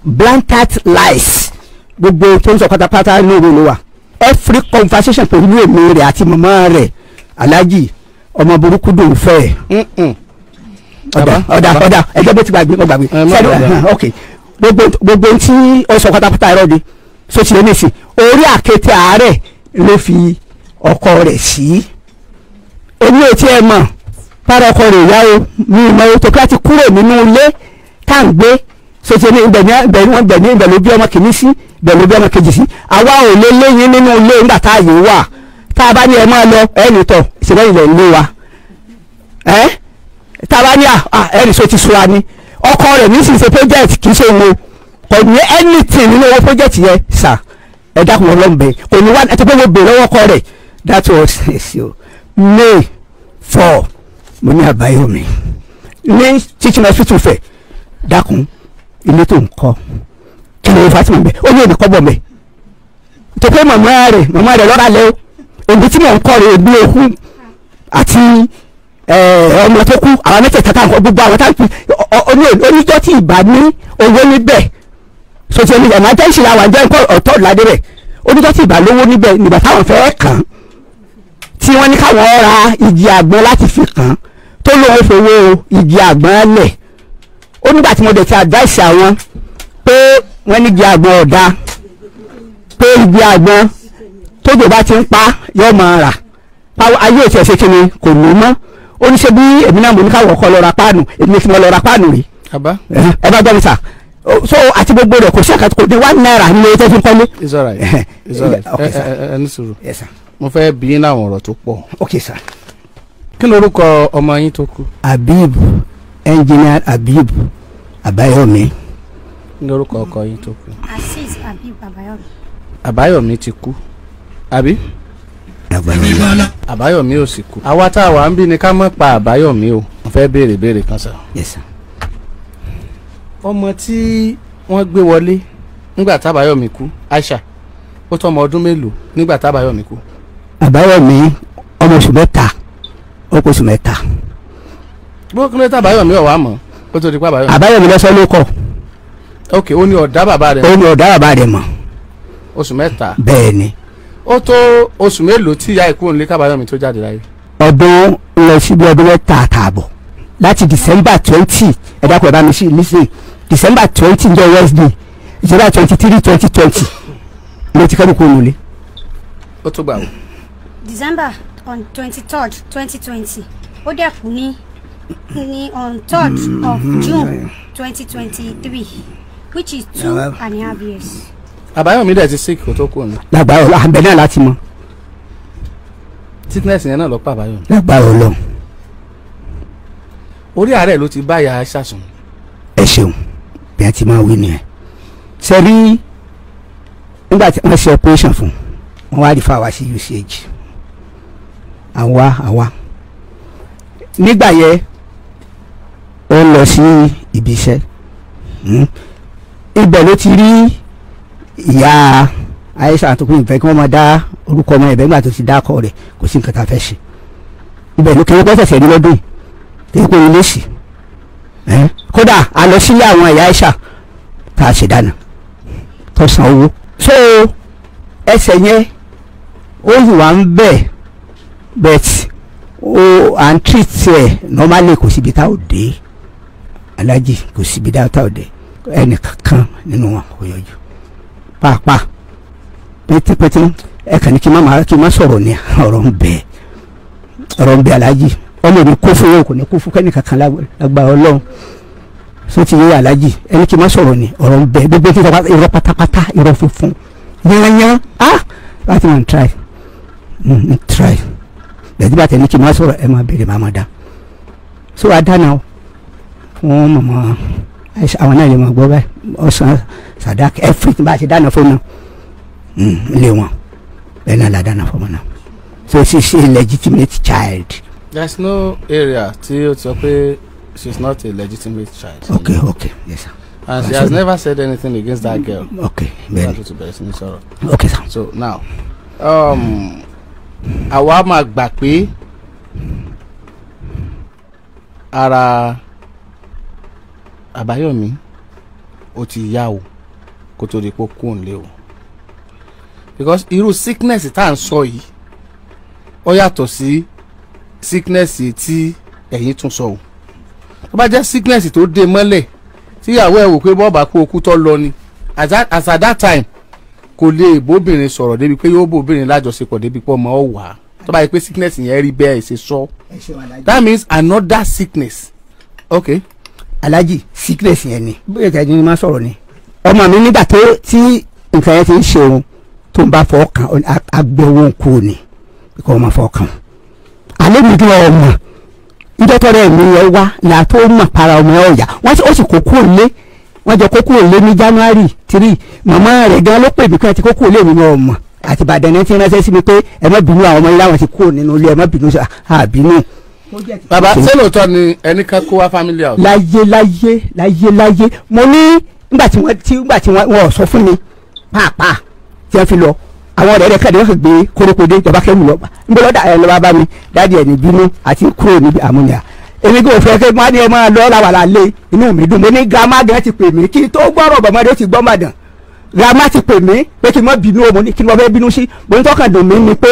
[SPEAKER 2] blankert lies gbogbo tó ń sọ pátápátá ní òwe ló wà every conversation pẹ̀lú èmi rẹ̀ àti màmá rẹ̀ aláàjì ọmọ burúkú dùn fẹ́ ẹ̀ ọ̀dà ọ̀dà ọ̀dà ẹ̀jẹ̀ bó ti gbàgbé mo gbàgbé sẹ́ni ok gbogbo gbogbo tí ó sọ pátápátá ẹ̀rọ di so ti lè nìsín orí àkété àárẹ̀ ló fi ọkọ rẹ̀ sí èmi ò tiẹ̀ mọ̀ para ọkọ rẹ̀ yá o mi ò mọ ètò kí wọ́n ti kúrò nínú ilé tá à ń gbé sọtẹ ní ibẹ̀ ní ibẹ̀ ní ibẹ̀ ní ibẹ̀ ló bí ọmọ kìíní sí ibẹ̀ ló bí ọmọ kejì sí àwa ò lè léyìn nínú ilé ńgbà tá a yìí wà tá a bá ní ẹ máa lọ ẹnì tọ ìṣẹ̀lẹ̀ ilẹ̀ ìlú wa ẹ tá a bá ní ẹnì so ti so ni ọkọ rẹ̀ ní sísè project kì í ṣe wo kò ní anything nínú owó project yẹn sà ẹ dákun Ọlọ́run bẹ̀ kò ní wá ẹ pé mo bèrè lọ́wọ́ ọkọ rẹ̀ that was it o may four mo ní àbáyọ mi ní teaching hospital fẹ dákun ilé tó ń kọ́ kí ló ń fatima bẹ ó ní èmi kọ́ bọ̀ bẹ tó pé màmá rẹ màmá rẹ lọ́ra lẹ́ òbí tí mò ń kọ́ rẹ ègbé okú àti ọmọ tó kú àwọn mẹ́tẹ̀ẹ̀ta tá à ń kọ́ gbogbo àwọn tá à ń pè oníjọ́ tí ìbá ní owó níbẹ̀ sọtí ẹni ẹ̀ma jẹ́ ìṣẹ̀lẹ̀ àwọn àjẹ́ nǹkan ọ̀tọ̀ ìlàdé rẹ̀ oníjọ́ tí ìbá lówó níbẹ̀ nígbà táwọn fẹ́ kàn tí wọ́n ní káwọn ra igi àgbọn láti fi kàn tó lówó fowó igi àgbọn lẹ̀ ó nígbà tí mo dẹ̀ ti advice àwọn pé wọ́n ní igi àgbọn ọ̀dà pé igi àgbọn tójò bá ti ń pa yóò máa rà ayé ètò ẹ̀sẹ̀ kìíní kò ní mọ́ ó ní ṣe bí èmi náà mo ní káwọ̀ ọkọ lọ ra páànù èmi ti mọ lọ ra páànù rí ẹ bá gbọ́ mi sà so àti gbogbo rẹ̀ kò sí àkàtúntò kò dé one naira ní owó tó fi ń kọ́lé. it's alright it's alright
[SPEAKER 3] ẹ ní sùúrù mo fẹ́ bí yín láwọn ọ̀rọ̀ tó pọ̀. ok sà. kí lorúkọ ọmọ yín tó kú.
[SPEAKER 2] Habib engineer abib abayomi.
[SPEAKER 3] lórúkọ ọkọ yìí tó kù.
[SPEAKER 4] azeez abib abayomi.
[SPEAKER 3] abayomi ti kú àbí. Abayomi ò sì kú àwa tá a wà ń bí ni ká mọ̀ pa Abayomi. o mo fẹ́ béèrè béèrè kan sá. Yes sir. ọmọ tí wọ́n gbé wọlé nígbà tábáyọ̀mí kú Aisha ó tọ́ ọmọ ọdún mélòó nígbà Abayomi, kú.
[SPEAKER 2] àbáyọ̀mí ọmọ oṣù mẹ́ta ó oṣù mẹ́ta
[SPEAKER 3] bó kí ló tà báyọ̀mí ọ̀wá mọ̀ ó tó di pa báyọ̀mí. àbáyọ̀mí lọ́sọ́ ló kọ̀. ok ó ní ọ̀dá bàbá rẹ̀. ó ní
[SPEAKER 2] ọ̀dá bàbá rẹ̀ mọ̀. oṣù mẹ́ta. bẹ́ẹ̀ ni.
[SPEAKER 3] ó tó oṣù mélòó tí ìyá ìkú òǹlé kábàyọ̀mí tó jáde láyé.
[SPEAKER 2] ọdún lọ síbi ọdún mẹ́ta àtààbọ̀ láti december twenty ẹ dákun ẹ bá mi sí nísìnyí december twenty ní wednesday december twenty three twenty twenty mo ti kẹ́rù kó nulẹ̀. ó tó gbà wọ.
[SPEAKER 4] december on twenty third twenty twenty ó dẹ̀ ní in, on 3rd of mm-hmm. June 2023 which is two and a half years.
[SPEAKER 3] àbáyọ̀mí dẹ̀ ti sick kó tó kù ni. lágbára ọlọ àbẹ náà láti mọ. sickness yẹn náà lọ pa àbáyọ̀mí.
[SPEAKER 2] lágbára ọlọ. orí àárẹ̀ ló ti bá ya ṣàṣùn. ẹ ṣeun bí a ti máa wí nìyẹn ṣe rí nígbà tí wọ́n ṣe operation fún wọn wá rí fáwa sí usage àwa àwa nígbà yẹn ó lọ sí ibi iṣẹ́ hmm? ibẹ̀ ló ti rí ìyá Aisha tó kún ìfẹ́ kí wọ́n máa dá orúkọ ọmọ ẹ̀bẹ̀ nígbà tó ti dá akọ rẹ̀ kò sí nǹkan tá a fẹ́ ṣe ibẹ̀ ló kéré pẹ́ fẹ̀fẹ̀ rí lọ́dún yìí kéré pé ilé kódà a lọ sílé àwọn ìyá Aisha tá a ṣe dáná tó san owó so ẹsẹ̀ yẹn ó yìí wá ń bẹ̀ but ó à ń treat ẹ̀ normally kò síbi tá ò dé alájì kò síbi dáátà ọ̀dẹ ẹnì kankan nínú wọn kò yọjú pàápàá pẹ́tẹ́pẹ́tẹ́ ẹ kàn ní kí n má máa kí n má sọ̀rọ̀ ní ọ̀rọ̀ ń bẹ ọ̀rọ̀ ń bẹ alájì ọmọ mi kó fún yóò kò ní kó fún kẹ́nì kankan lágbára ọlọ́run so ti yé alájì ẹni kí n má sọ̀rọ̀ ní ọ̀rọ̀ ń bẹ gbogbo tí irọ́ pátápátá irọ́ funfun yányán ah láti máa ń try hmm, ń try bẹ̀ẹ́dì bàtẹ́ ní kí n má sọ̀rọ̀ ẹ má béèrè má má dá so adá náà wọ́n mọ̀ àwọn náà lè mọ̀ gbọ́ báyìí ọ̀sán sàdáàkì everything bá a ti dáná fún náà hmm, lé wọn bẹ́ẹ̀ náà la dáná fún wọn náà so she is a legitimate child.
[SPEAKER 3] there is no area tí ó ti sọ pé she is not a legitimate child.
[SPEAKER 2] okay okay yes sir.
[SPEAKER 3] and she has never said anything against that girl. okay bẹ́ẹ̀ that's what bẹ̀rẹ̀ sí ní sọ̀rọ̀. okay sir. so now um, àwa máa gbà pé ara àbáyọ̀mí ó ti yá o kó tó di pé kú òǹlé o because irú sickness tá à ń sọ yìí ó yàtọ̀ sí sickness tí ẹ̀yin tún sọ o tó bá jẹ́ sickness tó dé mọ́lẹ̀ tíyàwó ẹ̀ wò pé bọ́ọ̀bà kú okú tó lọ ni as at that time kò lè bóbìnrin sọ̀rọ̀ débi pé yóò bóbìnrin lájọṣepọ̀ débi pé ọmọ ọ̀ wá tó bá yẹ pé sickness yẹn rí bẹ́ẹ̀ ṣe sọ that means another sickness
[SPEAKER 2] okay alájì sickness yẹn ni bóyá ìjà ni máa sọ̀rọ̀ ni ọmọ mi nígbà tó tí nǹkan yẹn ti ń ṣe òun tó ń bá fọ ọkàn ni máa fọ ọkàn alẹ́ mi mi yẹn wá là tó mọ̀ para ọmọ yẹn ọ̀yà wọ́n ó sì kó kúrò ní January three màmá rẹ̀ gan ló pè mí ti kó mi ránṣẹ́ sí mi pé bínú àwọn ọmọ ti ilé bínú àbínú
[SPEAKER 3] bàbá sẹ́lòtọ́ ni ẹni kan kó wá family house. láyé
[SPEAKER 2] láyé láyé láyé mo ní nígbà tí wọ́n ti nígbà tí wọ́n sọ fún mi pàápàá tí wọ́n fi lọ àwọn ọ̀rẹ́ rẹ̀ kàdé wọ́n fi gbé koropode ìjọba kẹ́mi lọ́ba ń lọ́dà ẹ̀ lọ́ba bá mi dáàdi ẹ̀ ní bínú àti kúrò níbi àmúyà èmi kò fẹ́ kí wọ́n á ní ẹ lọ làwà lálé inú mi dùn mo ní gàmá gan ti pè mí kí n tó gbọ́rọ̀ bàmọ́dé ti gbọ́ màdàn gàmá ti pè mí pé kí n má bínú o mo ní kí n fẹ́ bínú sí mo ní tọ́kàn dùn mí ni pé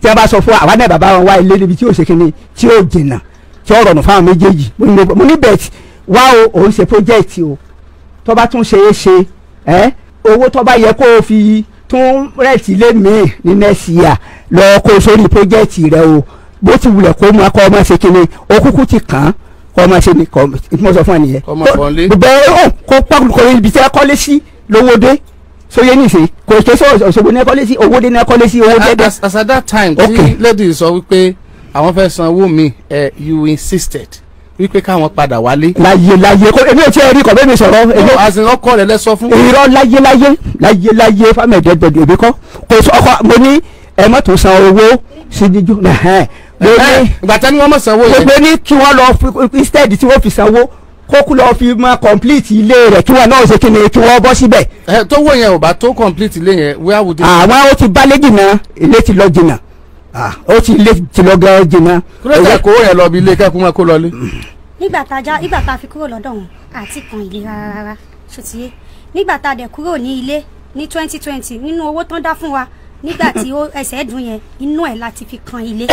[SPEAKER 2] tí a bá sọ fún àwa náà bàbá wa ilé níbi tí yóò ṣe kínní tí yóò jìnnà tí yóò rọrùn fáwọn méjèèjì mo ní bẹ́ẹ̀ wá o òun ṣe project o tó bá tún ṣe é ṣe ẹ owó tó bá yẹ kó o fi tún rẹ̀tì lé míì ní next lọ kó o sórí project rẹ o bó ti wulẹ̀ kó mu akọ ọmọ ṣe kínní o kúkú ti kàn án kọ́ ọmọ ṣe ni kọ́ ọmọ sọ fún ẹ nìyẹn. ọmọ fọ́nlé. bẹ́ẹ̀ ó kó kọ́ ibi so yé nìsí kò ké sọ Òṣogbo ní ẹkọlé sí owó dé ní ẹkọlé sí owó dẹdẹ. as at that
[SPEAKER 3] time tí lady sọ wípé àwọn fẹ́ san owó mi you insisted wípé káwọn padà wálé. láyé láyé kó èmi ò tí ẹ rí kọ bẹ́ẹ̀ mi sọ̀rọ̀. èmi àti
[SPEAKER 2] ọkọ rẹ lẹ́sọ fún. irọ́ láyé láyé láyé láyé fámẹ̀dẹ́gbẹ̀dẹ̀ èmi kọ́ kò sọ ọkọ mo ní ẹ má tún san owó sí jíjú. gbàtà ni wọ́n mọ̀ sanwó yẹn. gbogbo ní kí wọ́n lọ instead tí wọ́n fi sanwó kókó lọ fi máa complete ilé rẹ̀ kí wọ́n náà ṣe kí ni kí wọ́n bọ́ síbẹ̀. ẹ tó wọ yẹn ò bá tó complete
[SPEAKER 3] ilé yẹn where would.
[SPEAKER 2] àwọn ó ti balẹ̀ jìnnà ilé ti lọ jìnnà
[SPEAKER 3] ó ti ilé ti lọ gan jìnnà. kúrẹ́tà kó yẹn lọ bí ilé kẹ́kọ̀ọ́ máa kó lọ lé.
[SPEAKER 4] nígbà tá a nígbà tá a fi kúrò lọ́dọ̀ wọn àti kan ilé rárá rárá nígbà tá a dẹ̀ kúrò ní ilé ní twenty twenty nínú owó tán dá fún wa nígbà tí ó ẹsẹ̀ dùn yẹn inú ẹ̀ láti fi kan ilé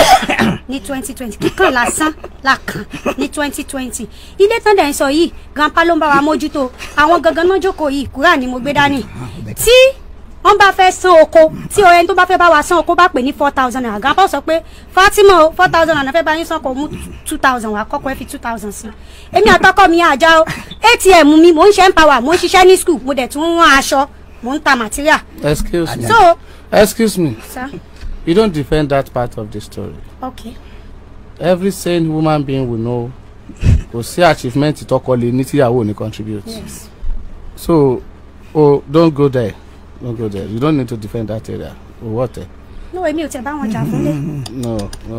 [SPEAKER 4] ní twenty twenty kíkan lásán la kàn ní twenty twenty ilé tán dẹ̀ ń sọ yìí grandpa ló ń bá wa mójútó àwọn gangan náà jókòó yìí kúrà ni mo gbé dání tí wọ́n bá fẹ́ san oko tí ọ̀rẹ́ tó bá fẹ́ bá wa san oko bá pè ní four thousand naira grandpa sọ pé Fatima o four thousand naira fẹ́ bá yín san kò mú two thousand wá kọ́kọ́ ẹ fi two thousand sí èmi àtọkọ mi àjà o atm mi mò ń ṣe ń power mò ń ṣiṣẹ́ ní school mo dẹ̀ tún ń rán aṣọ mò ń ta material
[SPEAKER 3] so Excuse me. Sir? You don't defend that part of the story. Okay. Every sane human being will know will see achievement tọkọ lè ní tíyàwó ò ní contribute. Yes. So, oh, don't go there. Don't go there. You don't need to defend that area. what? Eh?
[SPEAKER 4] no èmi ò tẹ bá wọn jà fúnlé.
[SPEAKER 3] no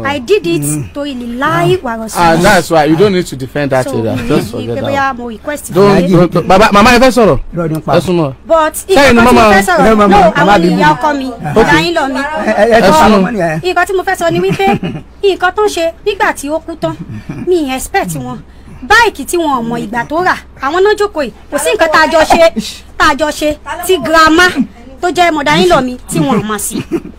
[SPEAKER 3] i did it mm.
[SPEAKER 4] to ililai no. warosi. ah, ah that's why you don't
[SPEAKER 3] need to defend that so area just forget that. so bóyá
[SPEAKER 4] mo request don't baba mama ẹ
[SPEAKER 3] fẹ́ sọ̀rọ̀. lọ́ọ̀dún pa ẹ súnmọ́.
[SPEAKER 4] but ìkọ́ mo fẹ́ sọ̀rọ̀ no àwọn ìyá ọkọ mi ìyá yín lọ mi. ẹ súnmọ́ ìkọ́ tí mo fẹ́ sọ ni wípé nǹkan tó ń ṣe nígbà tí ó kú tán mi expect wọn báìkì tí wọn ò mọ ìgbà tó rà àwọn náà jókòó yìí kò sí nǹkan tá a jọ ṣe tá a jọ ṣe ti girama tó jẹ́ mọ̀dáyínlọ̀ mi tí wọ́n mọ̀ sí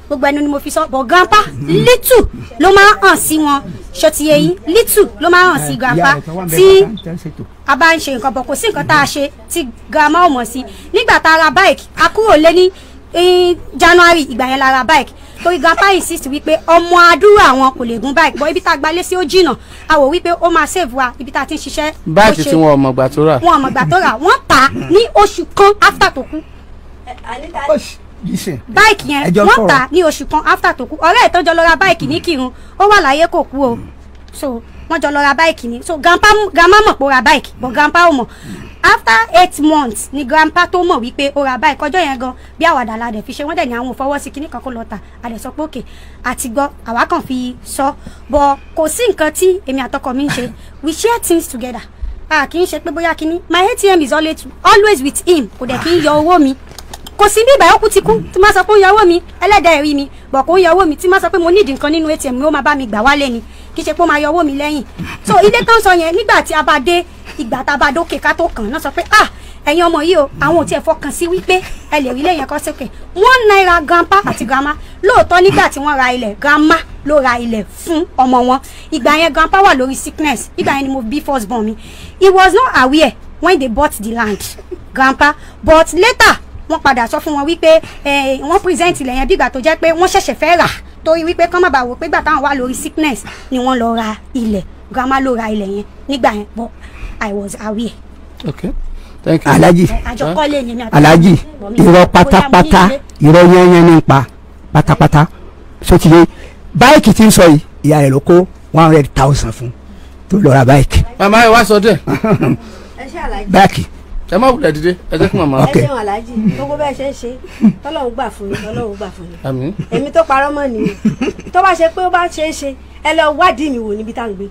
[SPEAKER 4] gbogbo ẹnu ni mo fi sọ bọ̀ grandpa little ló máa hàn sí wọn ṣọtiyẹ yín ló máa hàn sí grandpa tí a bá ń ṣe nǹkan bọ̀ kò sí nǹkan tá a ṣe tí grandma ò mọ̀ sí nígbà tá a ra bike a kúrò lé ní January ìgbà yẹn la ra bike torí grandpa insist wípé ọmọ àdúrà àwọn kò lè gun bike bọ́ ibi tá a gbalé sí ó jìnnà a wò wípé ó máa save wa ibi tá a ti ń ṣiṣẹ́. báàkì tí wọn ò
[SPEAKER 3] mọ̀gbà wọn ò
[SPEAKER 4] mọ̀gbà tó tà á ní oṣù kan after tó kú báìkì
[SPEAKER 5] yẹn wọ́n tà
[SPEAKER 4] ní oṣù kan after tó kú ọ̀rẹ́ ìtọ́jọ́ lọ ra báìkì ní kírun ó wà láyé kò kú o mm. so wọ́n jọ lọ ra báìkì ni so grandpa grandma mọ̀ pé ó ra báìkì but grandpa ò mọ̀ mm. after eight months ni grandpa tó mọ̀ wípé ó ra báìkì ọjọ́ yẹn gan bí àwàdà la dẹ̀ fi ṣe wọ́n dẹ̀ ní àwọn òfọwọ́ sí kíní kan kó lọ tà a dẹ̀ sọ pé òkè àti gbọ́ àwa kàn fi sọ but kò sí nǹkan tí èmi àtọkọ mi ń ṣe we share things together a kì í ṣe pé bóyá kíní my ATM is always, always with him kò dẹ̀ kí ń yọ owó mi kò sí bí ìgbà yòókù ti kú tí máa sọ pé ó yọ owó mi ẹlẹ́dàá ẹ̀rí mi bọ̀ kó yọ owó mi tí máa sọ pé mo nídìí nǹkan nínú atm ó máa bá mi gbà wálé ni kì í ṣe pé ó máa yọ owó mi lẹ́yìn so ilé tán sọ yẹn nígbà tí a bá dé ìgbà tá a bá dókè ká tó kàn náà sọ pé ah ẹ̀yin ọmọ yìí o àwọn ò tiẹ̀ fọkàn sí wípé ẹ lè rí ilé yẹn kọ́ sókè one naira grandpa àti grandma lóòótọ́ nígbà tí wọ́n ra ilẹ̀ grandma ló ra ilẹ̀ fún ọmọ wọn ìgbà yẹn grandpa wà lórí sickness ìgbà yẹn ni mo bí first born mi he was not aware when they bought the land grandpa but later wọ́n padà sọ fún wọn wípé wọ́n present ilẹ̀ yẹn bígbà tó jẹ́ pé wọ́n ṣẹ̀ṣẹ̀ fẹ́ rà torí wípé kán má bàa wò pé gbà táwọn wà lórí sickness ni wọ́n lọ ra ilẹ̀ grandma ló ra ilẹ̀ yẹn nígbà yẹn but I was aware.
[SPEAKER 2] okay thank you. Alhaji Alhaji irọ́ pátápátá irọ́ yẹ́nyẹ́ ní pa pátápátá so ti ye báyìí ti ń sọ yìí ìyá rẹ̀ ló kó one hundred thousand fún tó lọ ra báyìí. màmá ẹ wá sọ dẹ. báyìí ẹ má wulẹ̀ dìde ẹ jẹ́ kí màmá. ẹ ṣeun
[SPEAKER 1] aláàjì gbogbo bẹ́ẹ̀ ṣe ń ṣe tọ́lọ́run gbà fún mi tọ́lọ́run gbà fún mi. àmín. èmi tó parọ́ mọ́ nìyẹn tó bá ṣe pé ó bá ṣe é ṣe ẹ lọ wádìí mi wò níbi tá à ń gbé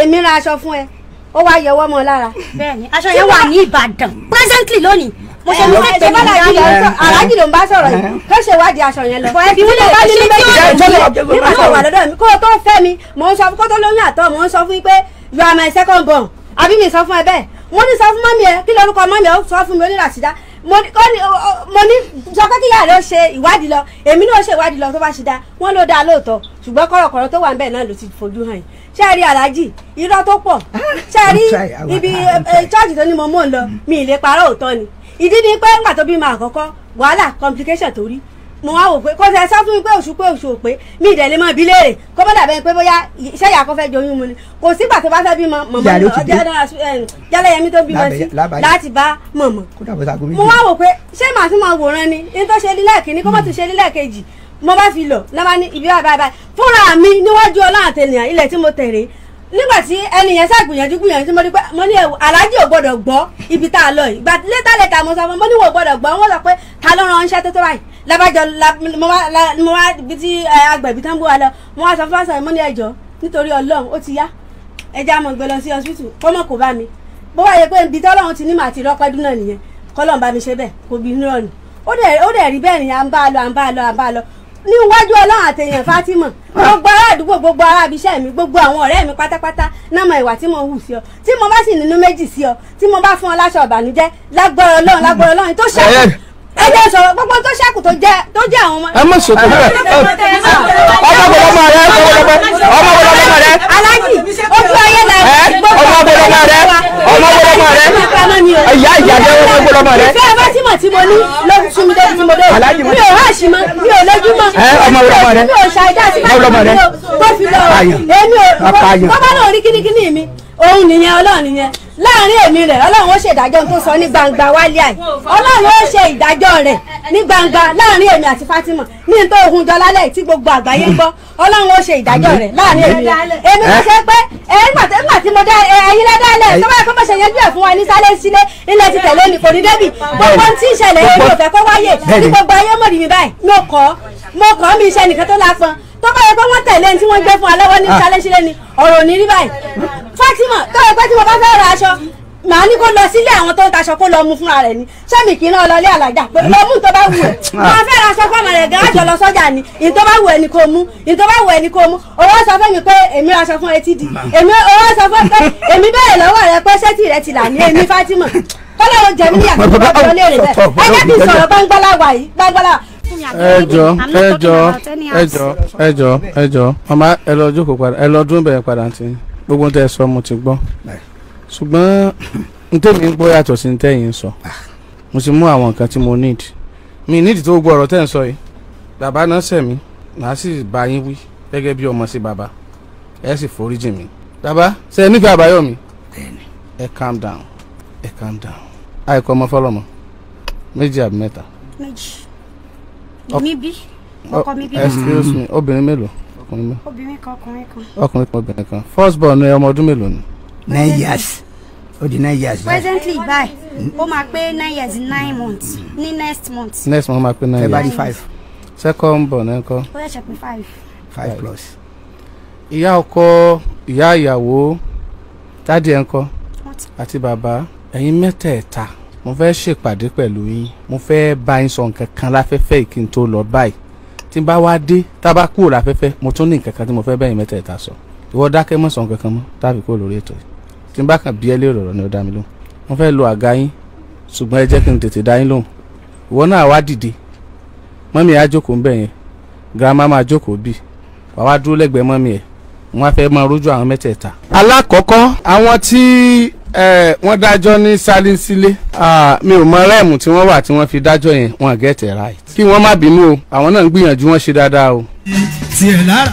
[SPEAKER 1] èmi ra aṣọ fún ẹ ó wá yọwọ́ mọ́ lára. bẹ́ẹ̀ni aṣọ yẹn wà ní Ìbàdàn presently lónìí mo ṣe mú ẹjẹ bá làjì lọ sọ alájì ló ń bá sọ̀rọ̀ yìí kó ṣe wádìí aṣọ yẹn lọ. ẹbí wílé bá nínú méjì rẹ jọlọ nígbà tó wà lọ́dọ̀ mi kó o tó fẹ́ mi mò ń sọ fún kó tó lóyún àtọ̀ mò ń sọ fún yín pé you are my second born àbí mi sọ fún ẹ bẹ́ẹ̀ mo ní sọ fún mọ́mí ẹ kí lórúkọ mọ́mí ẹ ó sọ fún mi oníràṣídá mo ní sọ pé kíyà rẹ ó ṣe ìwádìí lọ èmi náà ṣe ìwádìí lọ tó bá ṣe dá wọn ló dáa lóòótọ́ ṣùgbọ́n kọ̀rọ̀kọ̀rọ̀ tó wà níbẹ̀ náà ló ti fojú hàn yìí ṣé ẹ rí aláàjì irọ́ tó pọ̀ ah, ṣé ẹ rí ibi eh, chọ́ọ̀jì tó ní mo mò ń lọ mi ì lè òótọ́ ni ìdí ni pé ńgbà tó bí máa kọ́kọ́ wàhálà complication tó rí mo wá wò pé kó ṣe sọ fún mi pé oṣù pé oṣù ò pé mi ìdẹ̀ lè mọ ibi léèrè kó bá dàbẹ́ pé bóyá iṣẹ́ ìyá kan fẹ́ jọyún mu ni kò sígbà tó bá fẹ́ bímọ mọ̀mọ́ jálẹ̀yẹmí tó bímọ sí láti bá mọ̀mọ́ mo wá wò pé ṣé màá tún máa wòran ni ní tó ṣe lílẹ̀ kìíní kó má hmm. tún ṣe lílẹ̀ kejì mo bá fi lọ lọ́ba ní ibi báyìí báyìí fúnra mi níwájú ọlọ́run àtẹnìyàn ilẹ̀ tí mo tẹ̀rẹ̀ nígbà tí ẹni yẹn ṣàgbìyànjú gbìyànjú mo rí pé mo ní ẹwù aláàjì ò gbọ́dọ̀ gbọ́ ibi tá a lọ yìí gbàtí létà lẹ́tà mo sọ fún mo ní wò gbọ́dọ̀ gbọ́ wọ́n sọ pé ta ló ránṣẹ́ tó tó báyìí lábàjọ mo wá ibi tí eh, agbẹ̀bí tán bó wa lọ mo wá sọ fún àṣà ìmọ̀ ní ẹ̀jọ́ nítorí ọlọ́run ó ti yá ẹja mọ̀ gbé lọ sí hospital kọ́mọ̀ kò bá mi bó wáyé pé ibi tọ́lọ́run ti ní màá ti rọ́pẹ́ dúnà nìyẹn kọ́lọ́run bá mi ṣe bẹ́ẹ̀ kò bí nírọ̀ nù ó dẹ̀ rí bẹ́ẹ̀ ni à ń bá a lọ à ń bá a lọ à ń bá a lọ ní iwájú ọlọ́run àtẹ̀yàn Fatima gbogbo ará àdúgbò gbogbo ará abiṣẹ́ mi gbogbo àwọn ọ̀rẹ́ mi pátápátá náà mọ ìwà tí mo hù sí ọ tí mo bá sì nínú méjì sí ọ tí mo bá fún ọ láṣọ ìbànújẹ́ lágbára ọlọ́run lágbára ọlọ́run tó ṣe ẹ jẹ́ sọ̀rọ̀ gbogbo tó ṣẹ́kù tó jẹ́ tó jẹ́ àwọn ọmọ.
[SPEAKER 5] ẹ má sọ fún ẹ ọmọ
[SPEAKER 1] gbọ́dọ̀ máa rẹ ọmọ gbọ́dọ̀ ọmọ gbọ́dọ̀ máa rẹ. aláàjì ojú ayé la ẹ ọmọ gbọ́dọ̀ máa rẹ ọmọ gbọ́dọ̀ máa rẹ ìyá ìyá rẹ ọmọ
[SPEAKER 5] gbọ́dọ̀ máa rẹ. ìfẹ́ ẹ bá
[SPEAKER 1] tí mo tí mo ní ló
[SPEAKER 5] ti sún mi débi o mi ò háàṣì mọ mi ò lójú mọ ọmọ gbọ́dọ̀ máa rẹ mi ò
[SPEAKER 1] ṣàìdá sí báyìí tó fi lọ èmi ò bọ́ bá lọ rí kíníkíní mi òun nìyẹn ọlọ́run nìyẹn láàrin èmi rẹ̀ ọlọ́run ó ṣe ìdájọ́ tó sọ ní gbangba wálé àyè ọlọ́run ó ṣe ìdájọ́ rẹ̀ ní gbangba láàrin èmi àti Fatima ní n tó ohun jọ lálẹ́ tí gbogbo àgbáyé ń gbọ́ ọlọ́run ó ṣe ìdájọ́ rẹ̀ láàrin èmi rẹ̀ èmi kò ṣe pé nígbà tí mo dá ẹyin lẹ́dá lẹ̀ tó báyìí kó bó ṣe yanjú ẹ̀ fún wa ní sálẹ̀ sílé ilẹ̀ ti tẹ̀lé ni kò ní débì gbogbo ohun tí ìṣẹ̀lẹ̀ yẹn mi ò fẹ́ kó wáyé tí gbogbo ayé mọ̀ ní mi báyìí mo kọ́ mo kọ́ mi iṣẹ́ nìkan tó lápọn tó báyìí pé wọ́n tẹ̀lé ní tí wọ́n gbé fún wa lọ́wọ́ ní ah. sálẹ̀ sílé ni ọ̀rọ̀ ní rí báyìí. Fatima tó o pé tí mo bá fẹ́ ra aṣọ màá ní kó lọ sílé àwọn tó ń taṣọ kó lọ mú fúnra rẹ̀ ni sẹ́mi kì í náà lọlé àlàjà pé lọ mú tó bá wù ẹ́ ah. máa fẹ́ ra aṣọ fọmọ rẹ̀ gan àjọ lọ sọ́jà ni ìyí tó bá wù ẹ́ ni kò mú ìyí tó bá wù ẹ́ ni kò mú owó sọ fún mi pé èmi ra aṣọ fún etí di èmi owó sọ fún mi pé èmi béèrè lọ́wọ́ rẹ pé sẹ́tì rẹ ti là ní èmi Fatima kọ́lọ́run jẹ̀mí ní àkókò bá lọlé rẹ̀ bẹ́ẹ̀ ẹ jẹ́ kí n sọ̀rọ̀ gbangbalá wà yìí gbangbalá ẹjọ ẹjọ ẹjọ
[SPEAKER 3] ẹjọ ẹjọ mama ẹ lọ jókòó padà ẹ lọ dún bẹyẹn padà ntí. gbogbo tẹ sọ mo ti gbọ́ ṣùgbọ́n ntẹ́mi ń gbọ́ yàtọ̀ sí sọ ah. mo ti mú àwọn nǹkan tí mo need mi need tó gbọ ọ̀rọ̀ tẹ n sọ yìí bàbá náà ṣẹ̀ mí màá sì bá yín wí bí ọmọ sí bàbá ẹ sì foríjì mi bàbá ṣe é nífẹ̀ẹ́ àbáyọ mi ẹ calm down ẹ calm down àìkọ́ ọmọ fọlọ́mọ méjì àbí mẹta.
[SPEAKER 5] méjì mi bí ọkọ mi bí.
[SPEAKER 3] excuse me obìnrin mélòó. ọkùnrin mi.
[SPEAKER 5] obìnrin kan ọkùnrin kan.
[SPEAKER 3] ọkùnrin kan obìnrin kan first born ní ọmọ ọdún mélòó ni. nine years ó di nine years. presently
[SPEAKER 4] báyìí ó máa pé nine years nine months ní next month. next month ó máa pé nine years. february five.
[SPEAKER 3] second born ẹ kọ.
[SPEAKER 4] ó yẹ ṣe five.
[SPEAKER 3] five plus. ìyá ọkọ ìyá ìyàwó dádì ẹ ń kọ àti bàbá ẹ̀yin mẹ́tẹ̀ẹ̀ta mo fẹ́ ṣèpàdé pẹ̀lú yín mo fẹ́ bá yín sọ nǹkan kan láfẹ́fẹ́ yìí kí n tó lọ báyìí tí n bá wá dé tá a bá kúrò láfẹ́fẹ́ mo tún ní nǹkan kan tí mo fẹ́ bẹ́yìn mẹ́tẹ̀ẹ̀ta sọ ìwọ dákẹ́ mọ́ sọ nǹkan kan mọ́ tàbí kúrò lórí ètò yìí tí n bá kàn bí ẹ lérò ọ̀rọ̀ ni ó dá mi lóhùn mo fẹ́ lo àga yín ṣùgbọ́n ẹ jẹ́ kí n tètè dá yín lóhùn ìwọ náà wá dìde mọ́mí á jókòó ń bẹ̀ yẹn girama máa jókòó bì wà wá dúró lẹ́gbẹ̀ẹ́ mọ́mí ẹ̀ wọ́n á fẹ́ máa rójú àwọn mẹ́tẹ̀ẹ̀ta. alákọ̀ọ́kọ́ àwọn tí ẹ wọ́n dájọ́ ní salinsile mi ò mọ rẹ́ẹ̀mù tí wọ́n wà tí wọ́n fi dájọ́ yẹn wọ́n get it right kí wọ́n má bínú o àwọn náà ń gbìyànjú wọ́n ṣe dáadáa o.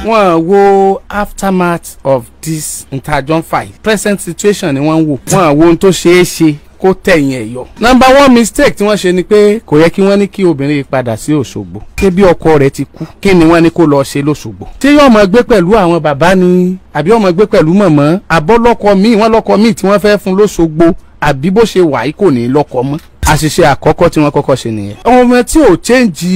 [SPEAKER 3] wọ́n wo aftermath of this ntajọ́ fight present situation ni wọ́n wò wọ́n wo ohun tó ṣeé ṣe kó tẹ̀yìn ẹ̀ yọ. nọ́mbà one mistake tí wọ́n ṣe ni pé kò yẹ kí wọ́n ní kí obìnrin padà sí Òṣogbo ṣé bí ọkọ rẹ̀ ti kú kí ni wọ́n ní kó lọ ṣe lóṣogbo. ṣé yóò máa gbé pẹ̀lú àwọn bàbá ni àbí yóò máa gbé pẹ̀lú mọ̀mọ́ àbọ́lọ́kọ míì wọ́n lọ́kọ míì tí wọ́n fẹ́ fún lóṣogbo àbí bó ṣe wà yìí kò ní lọ́kọ mọ́ àṣìṣe àkọ́kọ́ tí wọ́n kọ́kọ́ ṣe nìyẹn. ọmọ tí ò change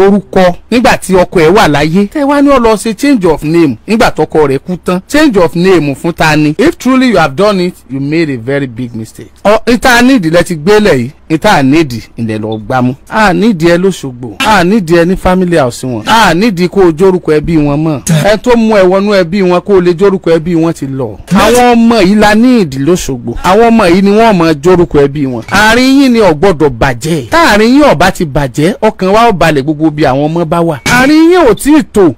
[SPEAKER 3] orúkọ nígbà tí ọkọ ẹ̀ wà láyé tẹ́ wá ní ó ṣe change of name nígbà tọkọ rẹ̀ kú tán change of name fún ta if truly you have done it you made a very big mistake. ọ̀ ìta nídìí ti gbélé yìí ìta àníìdì ilẹ̀ lọ gbámú. a nídìí ẹ lóṣogbo a nídìí ẹ ní family house wọn a nídìí kó o jórúkọ ẹbí wọn mọ ẹ tó mú ẹ wọnú ẹbí wọn kó o lè jórúkọ ẹbí wọn ti lọ. àwọn ọmọ yìí la ní ìdí lóṣogbo àwọn ọmọ yìí ni wọ́n mọ jórúkọ ẹbí wọn. àárín yín ni ò gbọ́dọ̀ bàjẹ́ táàrin yín ọba ti bàjẹ́ ọkàn wa ó balẹ̀ gbogbo bí àwọn ọmọ bá wà. àárín yín ò tí ì tó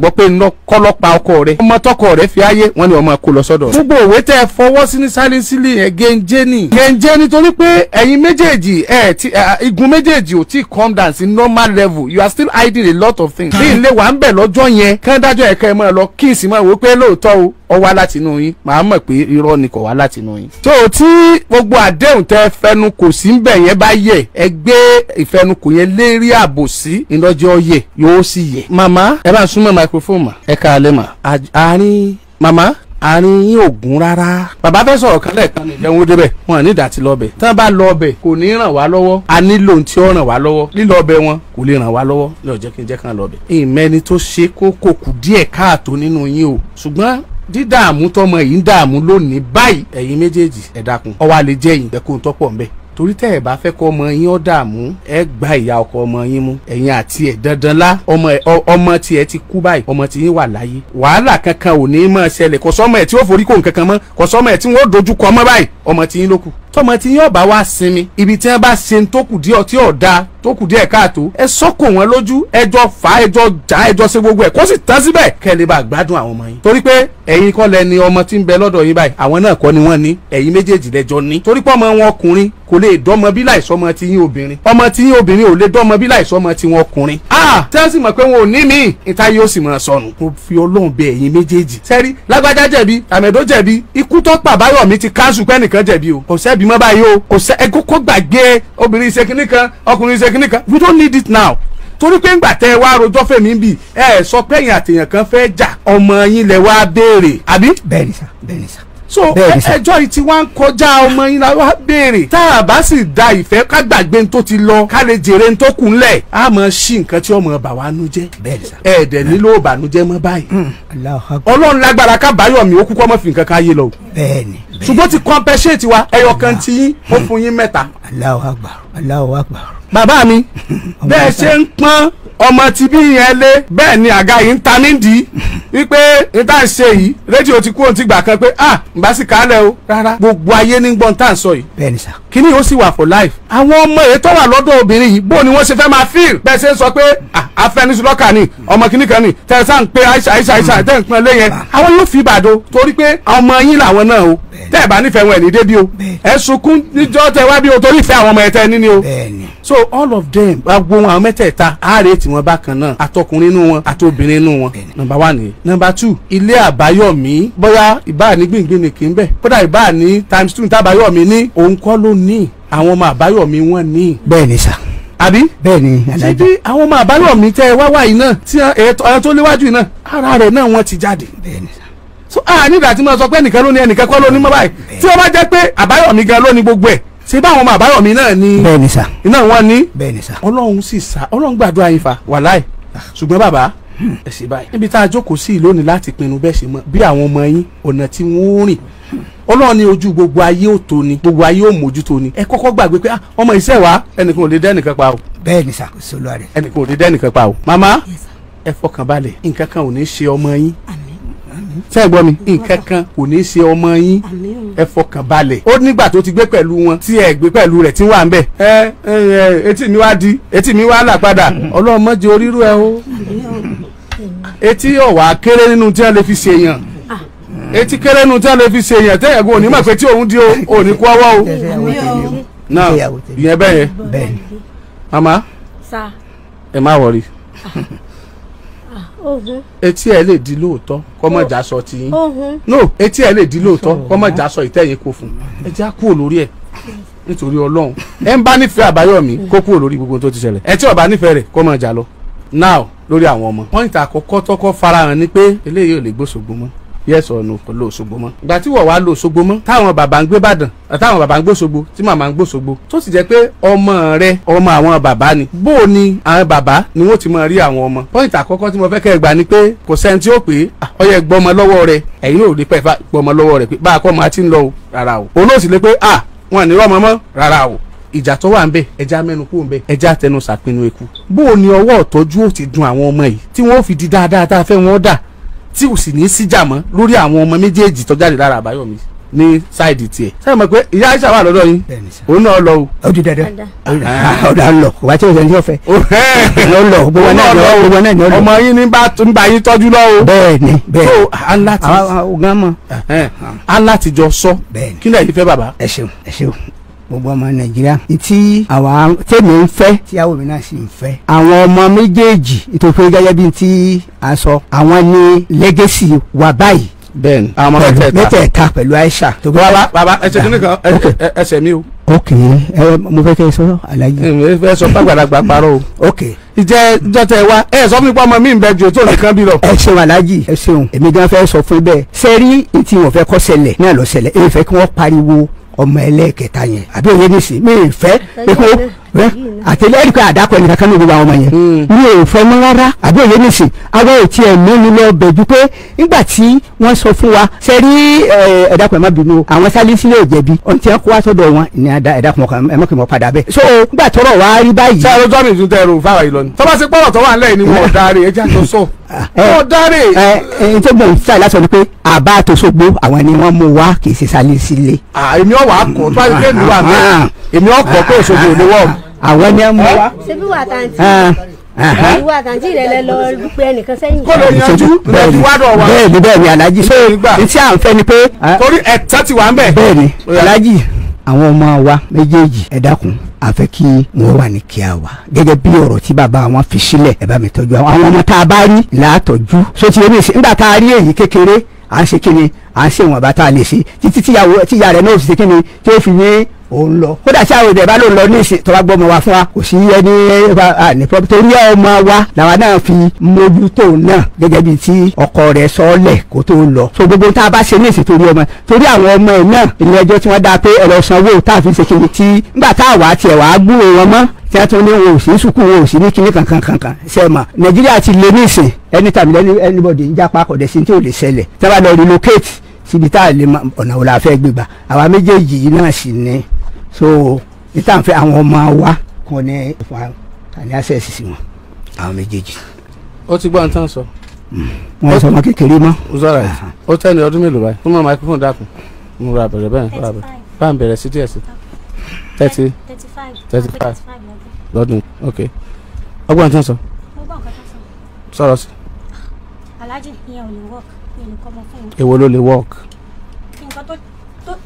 [SPEAKER 3] nígbàgbọ́ pé ńlọ kọ́lọ́pàá ọkọ rẹ̀ ọmọ tọkọ rẹ̀ fi ayé wọn ni ọmọ kó lọ sọ́dọ̀. gbogbo òwe tẹ ẹ fọwọ́ sí ní sálẹ́ńsílì yẹn gẹ́ńjẹ́ ni. gẹ́ńjẹ́ nítorí pé ẹ̀yin méjèèjì ẹ̀ ti igun méjèèjì ò tí calm down sí normal level you are still hiding a lot of things. bí ilé wa ń bẹ̀ lọ́jọ́ yẹn kán dájọ́ ẹ̀ka ẹ̀ máa lọ kí ìsìn máa wò pé lóòótọ́ o ó wá láti inú yín màá mọ̀ pé irọ́ ni kò wá láti inú yín. tó o tí gbogbo àdéhùn tẹ fẹnu kò sí ń bẹ̀ yẹn bá yẹ ẹ gbé ìfẹnukò yẹn lérí àbòsí ìlọ́jọ́ yẹ yóò sì yẹ. màmá ẹ bá ń súnmọ́ màá kú fún ma ẹ ká lè mà àárín màmá àárín yín ògùn rárá. bàbá fẹ́ sọ̀rọ̀ kan lẹ́ẹ̀kan ní ìjẹun débẹ̀ wọn à ní ìdàtí lọ́bẹ̀. tí wọ́n bá lọ ọbẹ̀ kò ní ràn wá lọ́wọ́ a nílò ohun tí ó ràn wá lọ́wọ́ lílọ ọbẹ̀ wọn kò lè ràn wá lọ́wọ́ lọ́ọ́ jẹ́ kí n jẹ́ kán lọ ọbẹ̀. ìmẹ́ni tó ṣe kókó kù díẹ̀ káàtó nínú yín o ṣùgbọ́n dídààmú tọmọ yìí ń dààmú lónìí báyìí ẹ̀yin méjèèjì ẹ dákun ọwọ́ àlejò ẹ̀yìn ẹ̀kọ́ ń tọ́pọ̀ torí tẹ́ ẹ̀ bá fẹ́ kọ́ ọmọ yín ọ́ dààmú ẹ gba ìyá ọkọ ọmọ yín mú ẹ̀yin àti ẹ̀ dandan lá ọmọ tiẹ̀ ti kú báyìí ọmọ ti yín wà láyé wàhálà kankan ò ní máa ṣẹlẹ̀ kò sọ́mọ ẹ̀ tí ó forí kò nǹkan kan mọ́ kò sọ́mọ ẹ̀ tí wọ́n dojú kọ mọ́ báyìí ọmọ ti yín ló kù tọmọ tí yín ọba wá sinmi ibi tí wọn bá ṣe tó kù díẹ̀ tí ọdá tó kù díẹ̀ káàtó ẹ sọkò wọn lójú ẹjọ fà ẹjọ já ẹjọ ṣe gbogbo ẹ kó sì tán síbẹ̀ kẹlẹ bá gbádùn àwọn ọmọ yín. torí pé ẹ̀yin kọ́ lẹni ọmọ tí ń bẹ lọ́dọ̀ yín báyìí àwọn náà kọ́ ni wọ́n ní ẹ̀yin méjèèjì lẹ́jọ́ ní. torí pé ọmọ wọn ọkùnrin kò lè dọ́mọ bí láìsọ ọmọ tí yín obìnrin ọmọ tí yín obìnrin ò lè dọ́mọ bí láìsọ ọmọ tí wọn ọkùnrin. a ah! tẹ́ sì mọ̀ pé wọn ò ní mí ìta yóò sì mọ̀ sọnù. mo fi ọlọ́run bẹ ẹ̀yin méjèèjì. sẹ́rí lágbájá jẹ̀bi àmẹ̀dó jẹ̀bi ikú tó pàbáyọ̀ mi ti káńsù pẹ́ẹ́nìkan jẹ̀bi o kò bímọ báyìí o kò sẹ ẹ kókó gbàgbé obìnrin ṣe kan ọkùnrin ṣe kan we don't need it now torí pé ńgbà tẹ wá rojọ́ fèmí bì ẹ sọ pé ẹ̀yin àtẹ̀yàn kan fẹ́ jà ọmọ yín lẹ wá béèrè àbí. bẹ́ẹ̀ni sá bẹ́ẹ̀ni sá so ẹjọ́ yìí ti wá ń kọjá ọmọ yín la wá béèrè tá a bá sì da ìfẹ́ ká gbàgbé n tó ti lọ ká lè jèrè n tó kù ńlẹ̀ a mọ̀ sí nǹkan tí ọmọ bà wá nú jẹ́ ẹ̀ẹ́dẹ̀ nílò ìbànújẹ́ mọ́ báyìí hmm. ọlọ́run lágbára ká báyọ̀mí ó kúkọ́ mọ́ fi nǹkan ká yé lọ. bẹ́ẹ̀ni ṣùgbọ́n ti compensate wa ẹyọ kan ti yín ó fún yín mẹ́ta.
[SPEAKER 2] Allahu Akbar Allahu Akbar.
[SPEAKER 3] bàbá mi bẹ́ẹ̀ ṣe ń pọ́n ọmọ ti bí yẹn lé bẹ́ẹ̀ ni àga yìí ń ta mí dì í wípé n tá à ṣe yìí rédíò ti kú òun ti gbà kan pé ah n bá sì kálẹ̀ o rárá gbogbo ayé ní gbọ́n tá à ń sọ yìí. bẹ́ẹ̀ni sà. kíní yóò sì wà for life. àwọn ọmọ èyí tó wà lọ́dọ̀ obìnrin yìí bó ni wọ́n ṣe fẹ́ máa fíìl bẹ́ẹ̀ ṣe ń sọ pé ah, afẹnisulọ́kà ni ọmọ kíní kan ni tẹ̀sán pé aisha aisha aisha tẹ̀ ń pin lé yẹn àwọn yóò fi ìbàdó torí pé ọmọ yín làwọn náà o tẹ́ ẹ̀ bá nífẹ̀ẹ́ wọn ẹ̀ ní débi o ẹ̀ sunkún níjọ́ tẹ wá bí o torí ìfẹ́ àwọn ọmọ ẹ̀tẹ́ níní o so all of them gbogbo àwọn mẹ́tẹ̀ẹ̀ta àárẹ̀ tí wọ́n bá kan náà àtọkùnrin inú wọn àtobìnrin inú wọn nọ́mbà wà nìyí. nọ́mbà two ilé àbáyọ̀mí bóyá ìbáà ní gbìngbìn nìkì ń bẹ̀ kódà ìbáà ní times two tábáyọ̀mí ní òun kọ́ ló ní àwọn ọmọ àbáyọ̀mí wọn ní. bẹ́ẹ̀ ni sà àbí. bẹ́ẹ̀ni alájà ṣíbí àwọn ọmọ àbáyọmí tẹ wáwá yìí náà tí ẹ tó léwájú yìí náà ara rẹ náà wọ́n ti jáde. bẹ́ẹ̀ni sà so a nígbà tí mo sọ pé ẹnìkan ló ní ẹnìkan kọ́ ló ní mọ́ báyìí tí ó bá jẹ́ pé àbáyọ̀mí gan ló ní gbogbo ẹ̀ ṣé báwọn ọmọ àbáyọ̀mí náà ní. bẹ́ẹ̀ni sà iná wọn ní. bẹ́ẹ̀ni sà ọlọ́run sì sà ọlọ́run gbàdúrà yín fa wàláì ṣùgbọ́n bàbá hmm. ẹ ṣe báyìí. níbi tá a jókòó sí lónìí láti pinnu bẹ́ẹ̀ ṣe mọ bí àwọn ọmọ yín ọ̀nà tí wọ́n rìn ọlọ́run ní ojú gbogbo ayé ò ni gbogbo ayé ò mójútó ni ẹ kọ́kọ́ gbàgbé pé ah, ọmọ iṣẹ́ wa ẹnìkan ò lè dẹ́nìkan pa o. bẹ́ẹ̀ni sà kò sí olúwa rẹ. ẹnìkan ò lè dẹ́nìkan pa o. màmá ẹ fọkàn balẹ̀ nǹkan kan ò ní ṣe ọmọ yín ṣe gbọ́ mi nǹkan kan kò ní í ṣe ọmọ yín ẹ fọkàn balẹ̀ ó nígbà tó ti gbé pẹ̀lú wọn tí ẹ gbé pẹ̀lú rẹ̀ tí wà ń bẹ̀ ẹ ẹ etí mi wá di etí mi wá là padà ọlọ́run mọ́jẹ orírú ẹ o etí ọ̀wà kéré nínú tí wọ́n lè fi ṣèyàn etí kéré nínú tí wọ́n lè fi ṣèyàn tẹ́yẹ̀ kó onímọ̀ pé tí òun di òní kú ọwọ́ o náà ìyẹn bẹ́ẹ̀ yẹn mama ẹ má wọrí etí ẹ lè di lóòótọ́ kọ́mọ̀jà sọ ti yín no etí ẹ lè di lóòótọ́ kọ́mọ̀jà sọ ìtẹ̀yìn kò fún ẹ jẹ́ á kúrò lórí ẹ̀ nítorí ọlọ́run ẹ ń bá nífẹ̀ẹ́ àbáyọ̀mí kó kúrò lórí gbogbo tó ti ṣẹlẹ̀ ẹ tí ó bá nífẹ̀ẹ́ rẹ̀ kọ́mọ̀jà lọ now lórí àwọn ọmọ. pọ́ìntì àkọ́kọ́ tọ́kọ́ farahàn ni pé eléyìí ò lè gbóṣogbo mọ́ yes or no kò lo Òṣogbo mọ́ ìgbà tí wọ́n wá lo Òṣogbo mọ́ táwọn bàbá ń gbé Ìbàdàn táwọn bàbá ń gbé Òṣogbo tí màmá ń gbé Òṣogbo tó sì jẹ́ pé ọmọ rẹ ọmọ àwọn bàbá ni bó o ní àwọn bàbá ni wọ́n ti máa rí àwọn ọmọ pọ́ìntì àkọ́kọ́ tí mo fẹ́ kẹ́ ẹ gbà ni pé kò sẹ́ni tí ó pè é ọyẹ ah, gbọ́mọ lọ́wọ́ rẹ ẹ̀yin ò rí pẹ́ gbọ́mọ lọ́wọ́ rẹ pé ah wọn à ní rọ́ọ̀mọ́ mọ́ rárá o ìjà tó wà ń bẹ ẹja mẹnu kúrò ń bẹ ẹja tẹnu sàpinnu eku bó o ní ọwọ́ ìtọ́jú ó ti dun àwọn ọmọ yìí tí wọ́n fi di dáadáa tá a fẹ́ wọn dà tí o sì ní í síjà mọ́ lórí àwọn ọmọ méjèèjì tó jáde lára àbáyọ̀mí ní ṣáìdì tiẹ̀. sẹ́yìn mọ̀ pé ìyá Aisha wà lọ́dọ̀ yín òun náà lọ o. ó di dandan
[SPEAKER 2] ọ̀dà ń lọ wà á tí o sẹ́ni ọ̀fẹ́.
[SPEAKER 3] ó lọ gbogbo náà ni gbogbo náà ni ó lọ. ọmọ yín ní bá ń bá yín tọ́jú lọ o. bẹ́ẹ̀ni bẹ́ẹ̀ni
[SPEAKER 2] aláàtijọ́ sọ kí lẹ́yìn fẹ́ bàbá. ẹ ṣeun ẹ ṣeun gbogbo ọmọ nàìjíríà tí àwa tèmi ń fẹ́ tí àwọn mi náà sì ń fẹ́. àwọn ọmọ méjèèjì ìtòfin gẹ́gẹ́ bíi ti a sọ àwọn ni legacy wa báyìí bẹ́ẹ̀ni àwọn ọmọ mẹ́tẹ̀ẹ̀ta mẹ́tẹ̀ẹ̀ta pẹ̀lú aisha. bàbá bàbá ẹsẹ̀ kìnnì kan ẹsẹ̀ mi o. ok ẹ mo fẹ́ kẹ́ ẹ sọ alaji. ẹ fẹ́ sọ pàgbàlagbà parọ́ o. ok ìjẹ jọtẹ wa ẹ sọ fún mi pé ọmọ mi ń bẹ jù tó nìkan bí lọ. ẹ ṣeun alaji ẹ ṣeun èmi gan fẹ́ sọ fún bẹ́ẹ̀ sẹ́rí ìtì wọn fẹ́ kọ́ ṣẹlẹ̀ náà lọ ṣẹlẹ̀ èmi fẹ́ kí wọ́n pariwo ọmọ ẹlẹ́ẹ̀kẹta yẹn àbí òye nìsín mi ì fẹ́ pé kó àtẹlẹ ẹ̀rí pé àdàkọ ẹnìkan kan ní gbogbo àwọn ọmọ yẹn hmm. mi ò fẹ́ mọ́ rárá àbí òye nìsín àwọn ètí ẹ̀ mẹ́nu lọ bẹ̀jú pé nígbà tí wọ́n sọ fún wa ṣe rí ẹ̀dàkùn ẹ̀ má bínú o àwọn sálísì lè jẹ̀bi ọ̀ntì ẹ̀ kó wá sọ́dọ̀ wọn ní ẹ̀dàkùn ẹ̀ mọ́ kì í mọ́ padà bẹ́ẹ̀. so nígbà tọrọ wa rí báyìí. sáré
[SPEAKER 3] ọjọ́ mi tún tẹ ẹrù fáwọn ìlọrin tọ́ba ti pọ̀rọ̀ tọ́wọ́ alẹ́ ni wọ́n
[SPEAKER 2] dáre ẹja tó sọ. wọ́n dáre. ẹ ẹ tó gbọ̀n sáà lásán ni pé àbá tó sógbó àwọn ni wọ́n mú wa kì í ṣe sálísì lé. èmi ọ̀ wà á tó bá yẹ kí ah. èmi wà mí èmi ọ̀ kọ́ pé òṣogbo ni wọ́n àwọn ni ẹ mú wa.
[SPEAKER 1] ṣé bí wàá tàǹtì ìwà ah, ah, àtàǹtí rẹ lẹ lọ pe ẹnìkan sẹ́yìn. kó ló yanjú
[SPEAKER 2] bẹ́ẹ̀ ni bẹ́ẹ̀ ni bẹ́ẹ̀ ni alhaji so à ń fẹ́ ni pé. Ah, torí ẹ̀tá ti wà ń bẹ̀. bẹ́ẹ̀ ni àwọn ọmọ wa méjèèjì ẹ a fẹ́ kí wọ́n wà ní kíá wa gẹ́gẹ́ bí ọ̀rọ̀ tí bàbá wọn fi sílẹ̀ ẹ bá mi tọ́jú àwọn ọmọ tá a bá rí là á tọ́jú so ti ebi ìsìn nígbà tá a rí èyí kékeré à ń ṣe kíni à ń ṣe ìwọ̀nba tá a lè ṣe títí tíyàwó tíyà rẹ̀ náà ò sì ṣe kíni tí ó fi ní òun lọ kódà tí àwọn ìdẹ̀bá ló ń lọ ní ìsìn tó bá gbọ́ ọmọ wa fún wa kò sí ẹni àní pọ́bí torí ọmọ wa làwa náà fi mójútó náà gẹ́gẹ́ bíi tí ọkọ rẹ̀ sọ́ọ̀lẹ̀ kó tó lọ so gbogbo tá a bá ṣe ní ìsìn torí ọmọ torí àwọn ọmọ ẹ̀ náà ilé ẹjọ́ tí wọ́n dá pé ẹ̀rọ sanwó tá a fi ṣe kiri tí nígbà tá a wà á tiẹ̀ wà á gbúrò wọn mọ́ tí a tún ní wọn ò sí sùkúù wọn ò sí ní kinní kankan ṣe mà nàìjíríà ti lé ní ìsìn anytime anybody ń jápa kọ̀dẹ̀ sí tí ò lè ṣẹlẹ̀ tí a bá lọ relocate síbi tá a lè ọ̀nà òlàfẹ́ gbégbà àwa méjèèjì yìí náà sì ní so ìtànfẹ́ àwọn ọmọ wa kan ní wa tàní access sí wọn àwọn méjèèjì.
[SPEAKER 3] ó ti gbọ́ nǹkan sọ.
[SPEAKER 2] Hmm. wọ́n sọ ọmọ kékeré mọ́. uzara
[SPEAKER 3] ó tẹ́ ní ọdún mélòó báyìí fún mọ́ microphone dákun mo ra bẹ̀rẹ̀ bẹ́ẹ̀ fún abẹ bá ń bẹ̀rẹ̀ sí díẹ̀ sí thirty thirty five lọ́dún ok ọgbọ́n nǹkan sọ. sọ̀rọ̀ sí.
[SPEAKER 4] aláàjì ìyẹn ò lè work
[SPEAKER 3] èwo ló lè work.
[SPEAKER 4] nǹkan tó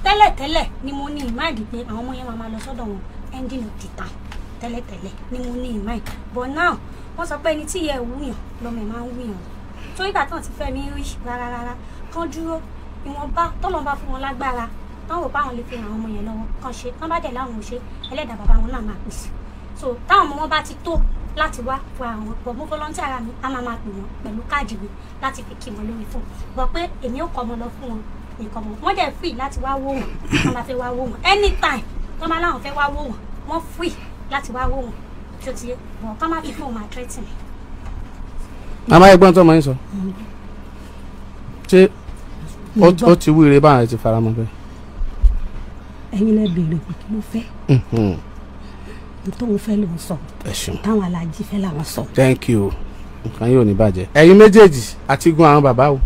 [SPEAKER 4] tẹ́lẹ̀tẹ́lẹ̀ ni mo ní ìmáàdì pé àwọn ọmọ yẹn máa máa lọ sọ́dọ̀ wọn ending of the time tẹ́lẹ̀tẹ́lẹ̀ ni mo ní ìmáàdì but now wọ́n sọ pé ẹni tí ìyá ẹ̀ wúyàn lọ́mọ ẹ̀ máa ń wúyàn tó ìgbà tán ti fẹ́ mi rí rárá rárá kán dúró ìwọ̀nba tọ́lọ́ba fún wọn lágbára tán rò páwọn lè fi ràn àwọn ọmọ yẹn lọ́wọ́ kán ṣe tán bá dẹ̀ láwọn ò ẹlẹ́dàá bàbá wọn náà máa pèsè so táwọn ọmọ wọn bá ti tó láti wá fún àwọn pọ̀ mú volunteer ara mi a máa máa pè wọ́n pẹ̀lú káàdì mi láti fi kí wọn lórí fún un gbọ́ pé èmi ò kọ́ ọmọ lọ fún wọn nǹkan mọ wọn dẹ free láti wá wò wọn wọn máa fẹ́ wá wò wọn anytime tó máa láwọn fẹ́ wá wò wọn wọn free láti wá wò wọn tó ti yẹ wọn ká má fi fún wọn máa
[SPEAKER 5] threaten.
[SPEAKER 3] àmọ́ ẹ̀gbọ́n tó máa ń sọ ṣé ó ti wúre báwọn ti fara mọ́ bẹ́ẹ̀.
[SPEAKER 5] ẹ̀yin lẹ béèrè pé kí ló fẹ́ mhm. tóun fẹ́ ló ń sọ táwọn alájí fẹ́ làwọn sọ.
[SPEAKER 3] thank you nǹkan yóò ní bàjẹ́ ẹ̀yin méjèèjì àti gun àwọn bàbá o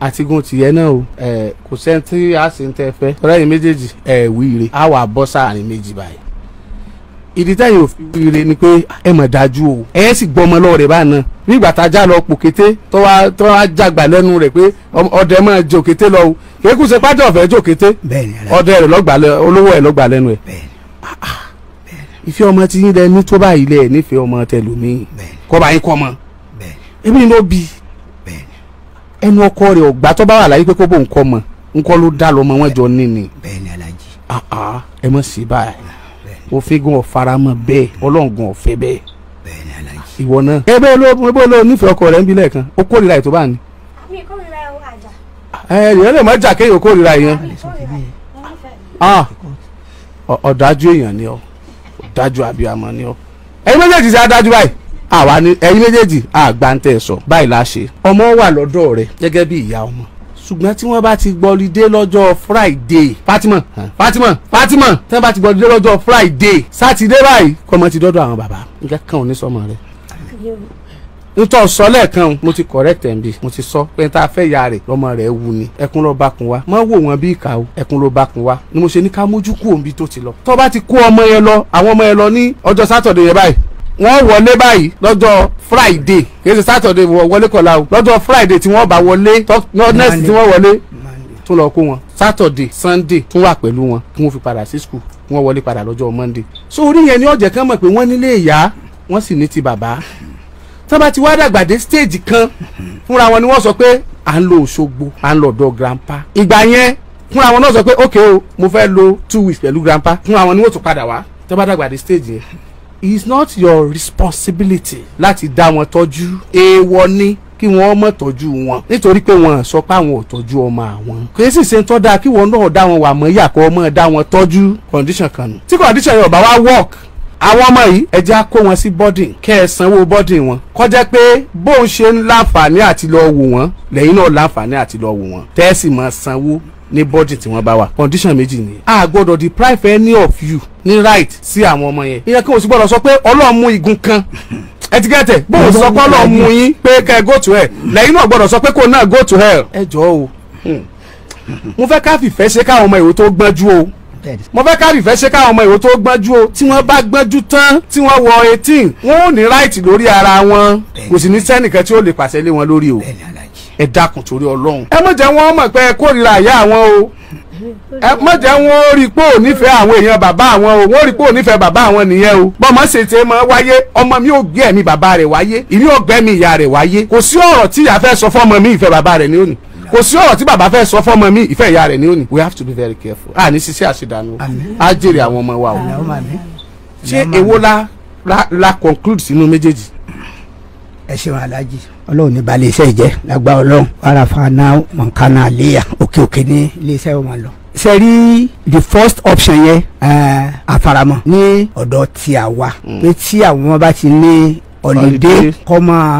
[SPEAKER 3] àti gun tìyẹ náà o ẹ kò sẹ́ni tí a sì ń tẹ́ fẹ́ tọ́lá yìí méjèèjì ẹ wíire á wà bọ́ sáàrin méjì báyìí ìdí táyà òfin wíire ni pé ẹ mọ̀ dájú o ẹ sì gbọ́ ọmọ lọ́wọ́ rẹ̀ báà náà bí ìgbà tá a já lọ pò kété tó wá tó wá jàgbà lẹ́nu rẹ̀ pé ọdẹ máa jò kété lọ o kéékù ṣe pàjọ́ ọ̀fẹ́ jò kété ọdẹ rẹ̀ lọ́gbà olówó ẹ̀ lọ́gbà lẹ́nu ẹ̀ ah, ah. ìfẹ́ ọmọ ti yín lẹ ní tó báyìí lẹ̀ nífẹ̀ẹ́ ọmọ tẹlómi kọ́ bá kọ́ ọmọ ẹbí ni ó bi ẹnu ọkọ rẹ̀ ọ̀gbá tó bá wà láyé pé kó bó nǹkan mọ̀ nǹkan ló dá lọ́mọ wọn jọ níní. bẹ́ẹ̀ni alájí. Ah, ah, ẹ mọ̀ sí báyìí òfin ah, gan ọ̀faramọ̀ bẹ́ẹ̀ ọlọ́run ọ̀fẹ́ bẹ́ẹ̀ bẹ́ẹ̀ni alájí. ìwọ náà ebe ló ebe ló nífẹ̀ẹ́ ọkọ rẹ̀ ń bí lẹ́ẹ̀kan ó kórìíra ètò bá ní. mi kórìíra ẹ̀ àjà. ẹ ẹ lè má jà kéèyàn kórìíra yẹn. ọ̀dájú èèyàn ni ọ ọ̀dájú àbíamọ ni ọ ẹ̀yin àwa ni ẹ̀yin méjèèjì àgbàǹtẹ̀ sọ báyìí la ṣe ọmọ wà lọ́dọ̀ rẹ gẹ́gẹ́ bí ìyá ọmọ ṣùgbọ́n tí wọ́n bá ti gbọ́lidé lọ́jọ́ friday fatima fatima fatima tí wọ́n bá ti gbọ́lidé lọ́jọ́ friday sátidé báyìí kọ́mọ ti dọ́dọ̀ àwọn bàbá nǹkan kan ò ní sọmọ rẹ ntọ́ sọ lẹ́ẹ̀kan mo ti correct ẹ̀ ń bi mo ti sọ pé tá a fẹ́ ya rẹ̀ lọ́mọ rẹ̀ wù ni ẹkún ló bá kun wa má wò wọ́n bí ìka o ẹkún ló bá kun wa ni mo ṣe ní ká mójú kú òun bí tó ti lọ tó bá ti kó ọmọ yẹn lọ àwọn ọmọ yẹn lọ ní ọjọ́ sátọ̀dẹ̀ yẹn báyìí wọ́n wọlé báyìí lọ́jọ́ friday kì í ṣe saturday wọ́n wọlé kọ̀la o lọ́jọ́ friday tí wọ́n bá wọlé next tí wọ́n wọlé tún lọ kó wọn saturday sunday tún wà pẹ̀lú wọn kí wọ́n fi padà sí school kí wọ́n wọlé padà lọ́jọ́ monday so orí yẹn ni ọ̀jẹ̀ kan mọ̀ pé wọ́n nílé ìyá wọ́n sì ní ti bàbá tán ti wá dàgbà dé stage kan fúnra wọn ni wọ́n sọ pé à ń lọ Òṣogbo à ń lọ ọ̀dọ̀ grandpa ìgbà yẹn fúnra wọn náà sọ pé ok o mo fẹ́ lo two weeks pẹ̀lú grandpa fúnra wọn ni wọ́n tún padà wá tán dàgbà dé stage yẹn it's not your responsibility láti dá wọn tọ́jú èèwọ̀ ni kí wọ́n mọ̀ tọ́jú wọn nítorí pé wọn sọ pé àwọn ò tọ́jú ọmọ àwọn. kìí sì ṣe ń tọ́ da kí wọn náà dá wọn wà mọ́ yàkọ́ ọmọ dá wọn tọ́jú condition kan nù. tí condition yẹn ò bá wá work àwọn ọmọ yìí ẹ jẹ́ á kó wọn sí boarding kẹ́ ẹ sanwó boarding wọn kọjá pé bóun ṣe ń láǹfààní àti lọ wò wọ́n lẹ́yìn náà láǹfààní àti lọ wò wọ́n tẹ́ ẹ sanwó ní bọ́dì tí wọ́n bá wà condition méjì nìyẹn a gbọ́dọ̀ deprive any of you ní right sí àwọn ọmọ yẹn ìyẹn kí o sì gbọ́dọ̀ sọ pé ọlọ́run mú igun kan ẹ ti gẹ́tẹ̀ bó sọ pé ọlọ́run mú yín pé kẹ́ ẹ go to hell lẹ́yìn náà gbọ́dọ̀ sọ pé kò náà go to hell ẹ jọ̀ọ́ o hmm. mo fẹ́ ká fìfẹ́ ṣe káwọn ọmọ ìwò tó gbọ́njú o mo fẹ́ ká fìfẹ́ ṣe káwọn ọmọ ìwò tó gbọ́njú o tí wọ́n bá gbọ́njú tán tí wọ́n wọ eighteen wọn ò ní right lórí ara wọn kò sì ní sẹ́nìkan tí ó lè pàṣẹ lé wọn lórí o ẹ dákun torí ọlọ́run. ẹ má wọn mọ̀ pé kórìíra ìyá àwọn o ẹ má jẹ́ wọn rí pé ò nífẹ̀ẹ́ àwọn èèyàn bàbá àwọn o wọ́n rí pé ò nífẹ̀ẹ́ bàbá àwọn nìyẹn o. bọ́mọ ṣètè mọ wáyé ọmọ mi ò gbé ẹ̀mí bàbá rẹ̀ wáyé ìní ò gbé ìyá rẹ̀ wáyé kò sí ọ̀rọ̀ tí ìyá fẹ́ sọ fọ́mọ mi ìfẹ́ bàbá rẹ̀ ní kò sí ọ̀rọ̀ tí bàbá fẹ́ sọ fọ́mọ mi ìfẹ́ ìyá rẹ̀ ni ó we have to be very careful. a ní ṣiṣẹ́ àṣedànù á jèrè àwọn ọmọ wa o. ṣé èwo la la conclude sínú méjèèjì
[SPEAKER 2] ẹ ṣeun alájí ọlọ́run ní balẹ̀ iṣẹ́ ìjẹ́ lágbá ọlọ́run wàrà fana mọ̀nkánà àléyà òkè òkè ní ilé iṣẹ́ wọn lọ. ṣe the first option yẹn àfaramọ́ ní ọ̀dọ̀ tí a wà pé tí àwọn bá ti ní ọ̀lẹ́dẹ́ kọ́ máa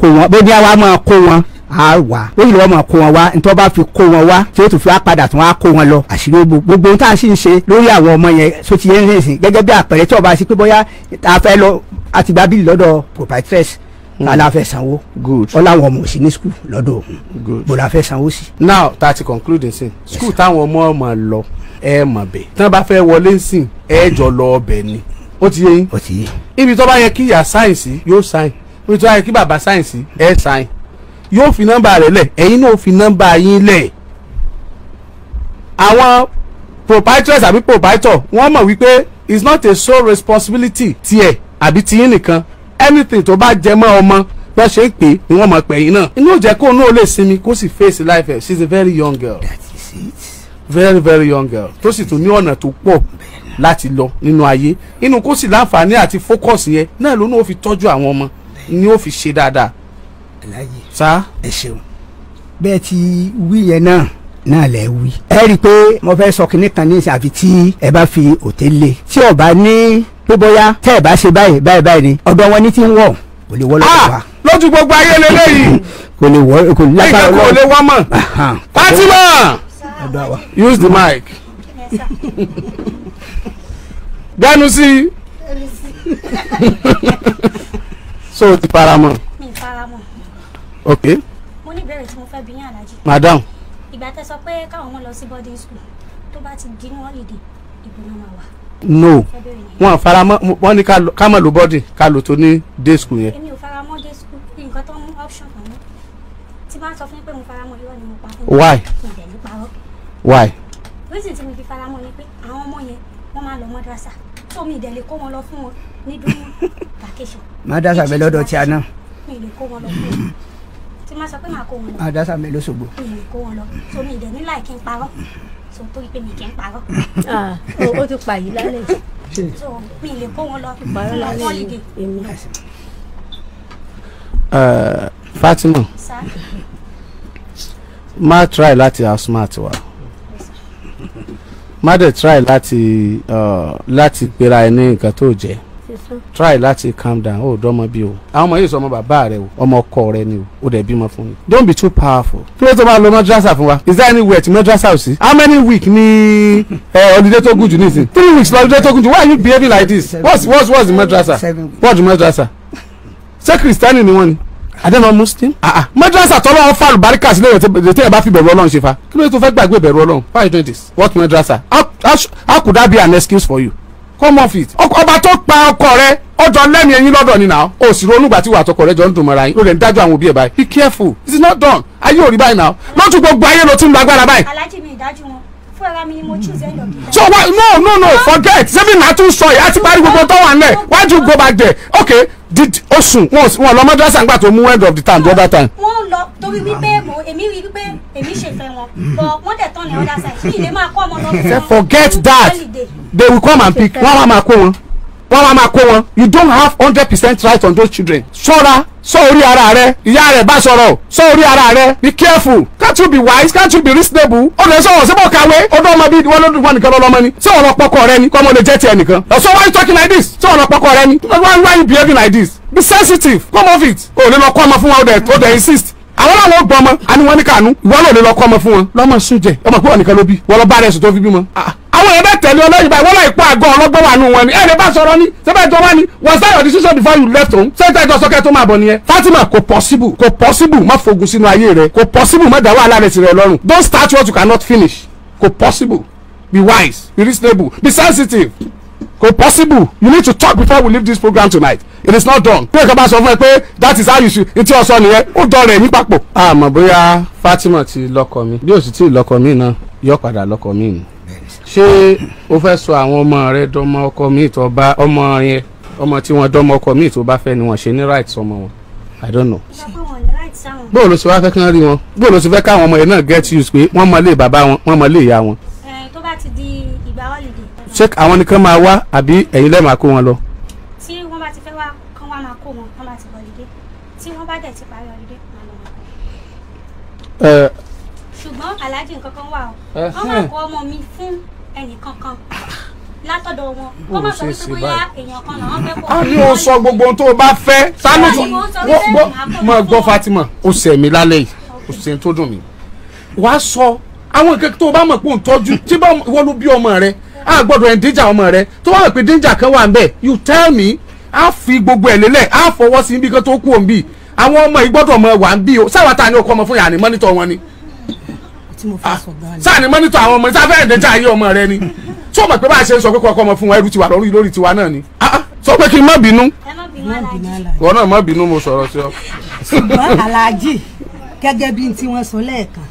[SPEAKER 2] kó wọn bó ní àwa máa kó wọn a wà ó yìí lọ́wọ́ máa kó wọn wá nítorí wọ́n bá fi kó wọn wá tí ó tún fi wá padà tún wá kó wọn lọ àṣírí gbogbo tá a sì ń ṣe lórí àwọn ọmọ yẹn tó ti yẹn ń rìn sí gẹ́gẹ́ bí àpẹẹrẹ tí ọba sí pé bóyá a fẹ́ lọ àtìgbà bíi lọ́dọ̀ proprietress aláfẹ́ sanwó ọláwọn ọmọ sí ní skul lọ́dọ̀ òun bọ̀dọ̀ afẹ́ sanwó sí.
[SPEAKER 3] now ta ti conclude nsìn skul táwọn ọmọ ọmọ lọ ẹ mọ̀ bẹ́ẹ̀ tí wọ́n bá fẹ́ wọlé nsìn ẹ jọ lọ ọbẹ̀ ni ó ti yé yín ó ti yé ibi tó bá yẹ kí ìyá sáyẹ̀nsì yóò sáyẹ̀n ibi tó bá yẹ kí bàbá sáyẹ̀nsì ẹ sáyẹ̀n yóò fi nọ́mbà rẹ̀ lẹ̀ ẹ̀yin náà fi nọ́mbà yín lẹ̀ àwọn proprietors àbí proprietor wọ́n mọ̀ wípé it's not a sole responsibility tiẹ̀ àbí tiyín nìkan anything tó bá jẹ mọ́ ọmọ bá ṣe ń pè ni wọ́n máa pè yín náà inú òjẹ́ kó náà lè sinmi kó sì face life ẹ̀ she is a very young girl very very young girl tó sì tún ní ọ̀nà tó pọ̀ láti lọ nínú ayé inú kó sì láǹfààní àti focus yẹn náà ló ní ó fi tọ́jú àwọn ọmọ ni ó fi ṣe dáadáa. aláyé sa ẹ ṣeun
[SPEAKER 2] bẹ́ẹ̀ ti wí yẹn náà náà lẹ wí. ẹ rí i pé mo fẹ́ sọ kinní kan ní ìsàfi tí ẹ bá fi òtẹ́ lé tí ọba ní pé bóyá tẹ́ ẹ̀ bá ṣe báyìí báyìí báyìí ni ọ̀dọ̀ wọn ní ti ń wọ̀ kò lè wọ́ lọ́wọ́ ah, wa. lójú gbogbo ayé lélẹ́yìí. kò lè wọ́ kò lè lágbára lọ́wọ́. kò lè wọ́ mọ̀.
[SPEAKER 3] Fatima use the mic. gbẹ́nu sí i. so o ti faramọ́. mi ok.
[SPEAKER 4] mo ní ìbéèrè tí mo fẹ́ bi yín alájí. madam. ìgbà tẹ́ sọ pé káwọn ọmọ lọ sí boarding school tó bá ti di ní holiday ìbùnà máa wà
[SPEAKER 3] no wọn fara mọ́ wọn ni ká mọ̀ ló bọ́dì ká lò tó ní day school yẹn.
[SPEAKER 4] èmi ò fara mọ́ day school nǹkan tó mú option kan mú tí bá sọ fún pé mo fara mọ́ irọ́ ni mo pa fún mi. why why. reason tí mo fi fara mọ́ ni pé àwọn ọmọ yẹn wọ́n máa lọ mọ́dúrásà tó mi ìdẹ̀lẹ̀ kó wọn lọ fún wọn ní dúró vacation.
[SPEAKER 2] mọ́dúrásà mi lọ́dọ̀ tí a náà.
[SPEAKER 4] mi ìdẹ̀ kó wọn lọ fún wọn tí máa sọ pé màá kó wọn lọ. mọ́dúrásà mi ló ṣògbó. mi ìdẹ̀ kó wọn lọ tó mi ìdẹ̀ níláì kí n parọ́ sọ tó yí pé mi kì í parọ́. ó ti so mi lè kó wọn lọ holiday.
[SPEAKER 3] Fatima try láti how smart má dẹ̀ try láti uh, láti pera ẹ ní try láti calm down ó dọ́mọ bí o àwọn ọmọ yìí sọ ọmọ bàbá rẹ o ọmọ ọkọ rẹ ni o ó dẹ̀ bímọ fún mi don't be too powerful kí ló tó máa lọ madrasa fún wa is there any way to madrasa ò sí how many week ni ọ̀lídé eh, tó gùn jù nísìn three weeks lọ́lídé tó gùn jù why are you behaving like this what's what's what's the madrasa what's the madrasa ṣé kìrìsìtánì ni wọ́n ni adama muslim ah ah madrasa tọ́lọ́ fa àlùbáríkà sílẹ̀ rẹ̀ tí ẹ bá fi bẹ̀rù ọlọ́run ṣe fa kí ló tó fẹ́ gbàgbé bẹ̀rù ọlọ́run why you doing this what madrasa How how how could that be an excuse for you come off it ọba tó pa ọkọ rẹ ọjọ́ lẹ́mìí ẹyin lọ́dọ̀ ni náà o sì ronú gbàtí wà tọkọ rẹ jọ ń dùn mọ́ra yín lórí ẹ̀ ń dájọ́ àwọn òbí ẹ̀ báyìí be careful it is not done ayé ò rí báyìí náà lọ́tún gbogbo ayé ló ti ń lágbára báyìí.
[SPEAKER 4] alájí mi ìdájú wọn fúnra mi ni mo choose end of the
[SPEAKER 3] day. so why no no no forget seven na tún sọ yìí àti parí gbogbo tó wà nílẹ̀ wájú gbogbo àgbẹ̀ okay did osun wọn wọn lọ madrasa nígbà tó mú end of the time the other time.
[SPEAKER 4] wọn lọ torí wípé mo èmi rí wípé èmi ṣèfẹ́ wọn but wọn dẹ̀ tán ní other side kí ilé máa kọ́ ọmọ lọ fún forget that
[SPEAKER 3] they will come and pick wọn wá máa kó wọn wọ́n wá máa kó wọn you don't have hundred percent right on those children ṣọ́ra sọ orí ara rẹ ìyá rẹ bá sọ̀rọ̀ sọ orí ara rẹ be careful can't you be wise can't you be reasonable ó lè sọ̀rọ̀ síbò kàwé ọdún ọmọ bíi wọn lọ́dún wọn nìkan lọ́lọ́mọ ni sọ̀rọ̀ lọ pọkọ rẹ ni kọ́mọ lè jẹ́ tiẹ̀ nìkan so why you talking like this sọ̀rọ̀ lọ pọkọ rẹ ni why why you behaving like this be sensitive come off it ò lè lọ kọ́ ọmọ fún wa ó dẹ̀ insist àwọn làwọn gbọ́ ọmọ àni wọn ní kànú ìwọ náà lè lọ kọ́ ọmọ fún wọn lọ́mọ sùn jẹ ọmọ pé wọn nìkan ló bí wọn lọ bá rẹ̀ sùn tó fi bímọ. Ah, ah. àwọn èèyàn bẹ́ẹ̀ tẹ̀lé ọlọ́yìn báyìí wọ́n lọ ìpọ́ àgọ́ ọlọ́gbọ́n wà nù wọn ni ẹ̀ẹ́dẹ̀ bá sọ̀rọ̀ ni sẹ́fẹ̀ tó wá ni was that your decision before you left home sẹ́fẹ̀ tó sọ́kẹ́ tó máa bọ̀ nìyẹn. Fatima kò possible kò possible má fogun sínú ayé rẹ kò possible má dá wàhálà rẹ sí rẹ lọ́rùn don't start what you cannot finish kò possible be wise be reasonable be sensitive kò possible you need to talk before we leave this program tonight it is not done. pé ìkọ́ba sọ fún ẹ pé that is how you should ntí ọ̀sọ́ nìyẹn ó dọ̀rọ̀ ẹ̀mí papọ̀. àmọ́ bóyá Fatima ti lọ́kọ mi bí ó sì tí ì lọ́kọ mi náà yọ padà lọ́kọ mi ni ṣé o fẹ́ sọ àwọn ọmọ rẹ dọ́mọ ọkọ mi tó bá ọmọ yẹn ọmọ tí wọ́n dọ́mọ ọkọ mi tó bá fẹ́ ni wọ́n ṣe ní right ọmọ wọn i don't know. bóòlù sì wá fẹ́ kí wọ́n rí wọn bóòlù sì fẹ́ káwọn ọmọ yẹn náà get used pé wọ́n mọ ilé bàbá wọn wọ́n mọ ilé ìyá wọn ṣé àwọn nìkan máa wá àbí ẹ̀yin lẹ́ẹ̀ máa kó wọn lọ.
[SPEAKER 4] tí wọ́n bá ti fẹ́ wá kán wá máa kó wọn kán bá ti họlidé tí wọ́n bá dẹ̀ ti parí họlidé máa lọ wọn. ṣùgbọ́n aláàjì nǹkan wà o wọ́n máa kó ọmọ mi fún ẹnìkan kan látọ̀dọ̀
[SPEAKER 5] wọn
[SPEAKER 3] wọ́n máa sọ wípé bóyá
[SPEAKER 5] èèyàn kan náà fẹ́ kó. a ní
[SPEAKER 3] sọ gbogbo ohun tó o bá fẹ́ sanu tó mọ gbọ́ Fatima o sẹ̀mí lálẹ́ yìí o sẹ́ni tó dùn mí wàá sọ àwọn nǹkan tó o bá mọ̀ pé òun tọ́jú tí bá wọ́n bí ọmọ rẹ̀ a gbọ́dọ̀ endanger ọmọ rẹ tó wà pé danger kan wà nbẹ you tell me a fi gbogbo ẹ̀ lélẹ̀ a fọwọ́ sí ibi kan tó kú òǹbí àwọn ọmọ yìí gbọ́dọ̀ mọ wà ń bí o sáwọn ta ni ọkọ ọmọ fún yàrá ni mọ́nítọ̀ wọn ni ah, sáà ni mọ́nítọ̀ àwọn ọmọ sáfẹ́ endanger ayé ọmọ rẹ ni tí o mọ̀ pé bá a ṣe ń sọ pé kọ́ ọkọ ọmọ fún wa ẹrú tiwa lórí lórí tiwa náà ni ah, ah, sọ pé kí n má bínú wọn náà má bínú mo sọ̀rọ̀ sí ọ. ṣùgbọ́n
[SPEAKER 5] aláàjì gẹ́gẹ́ bí n tí wọ́n sọ lẹ́ẹ̀kan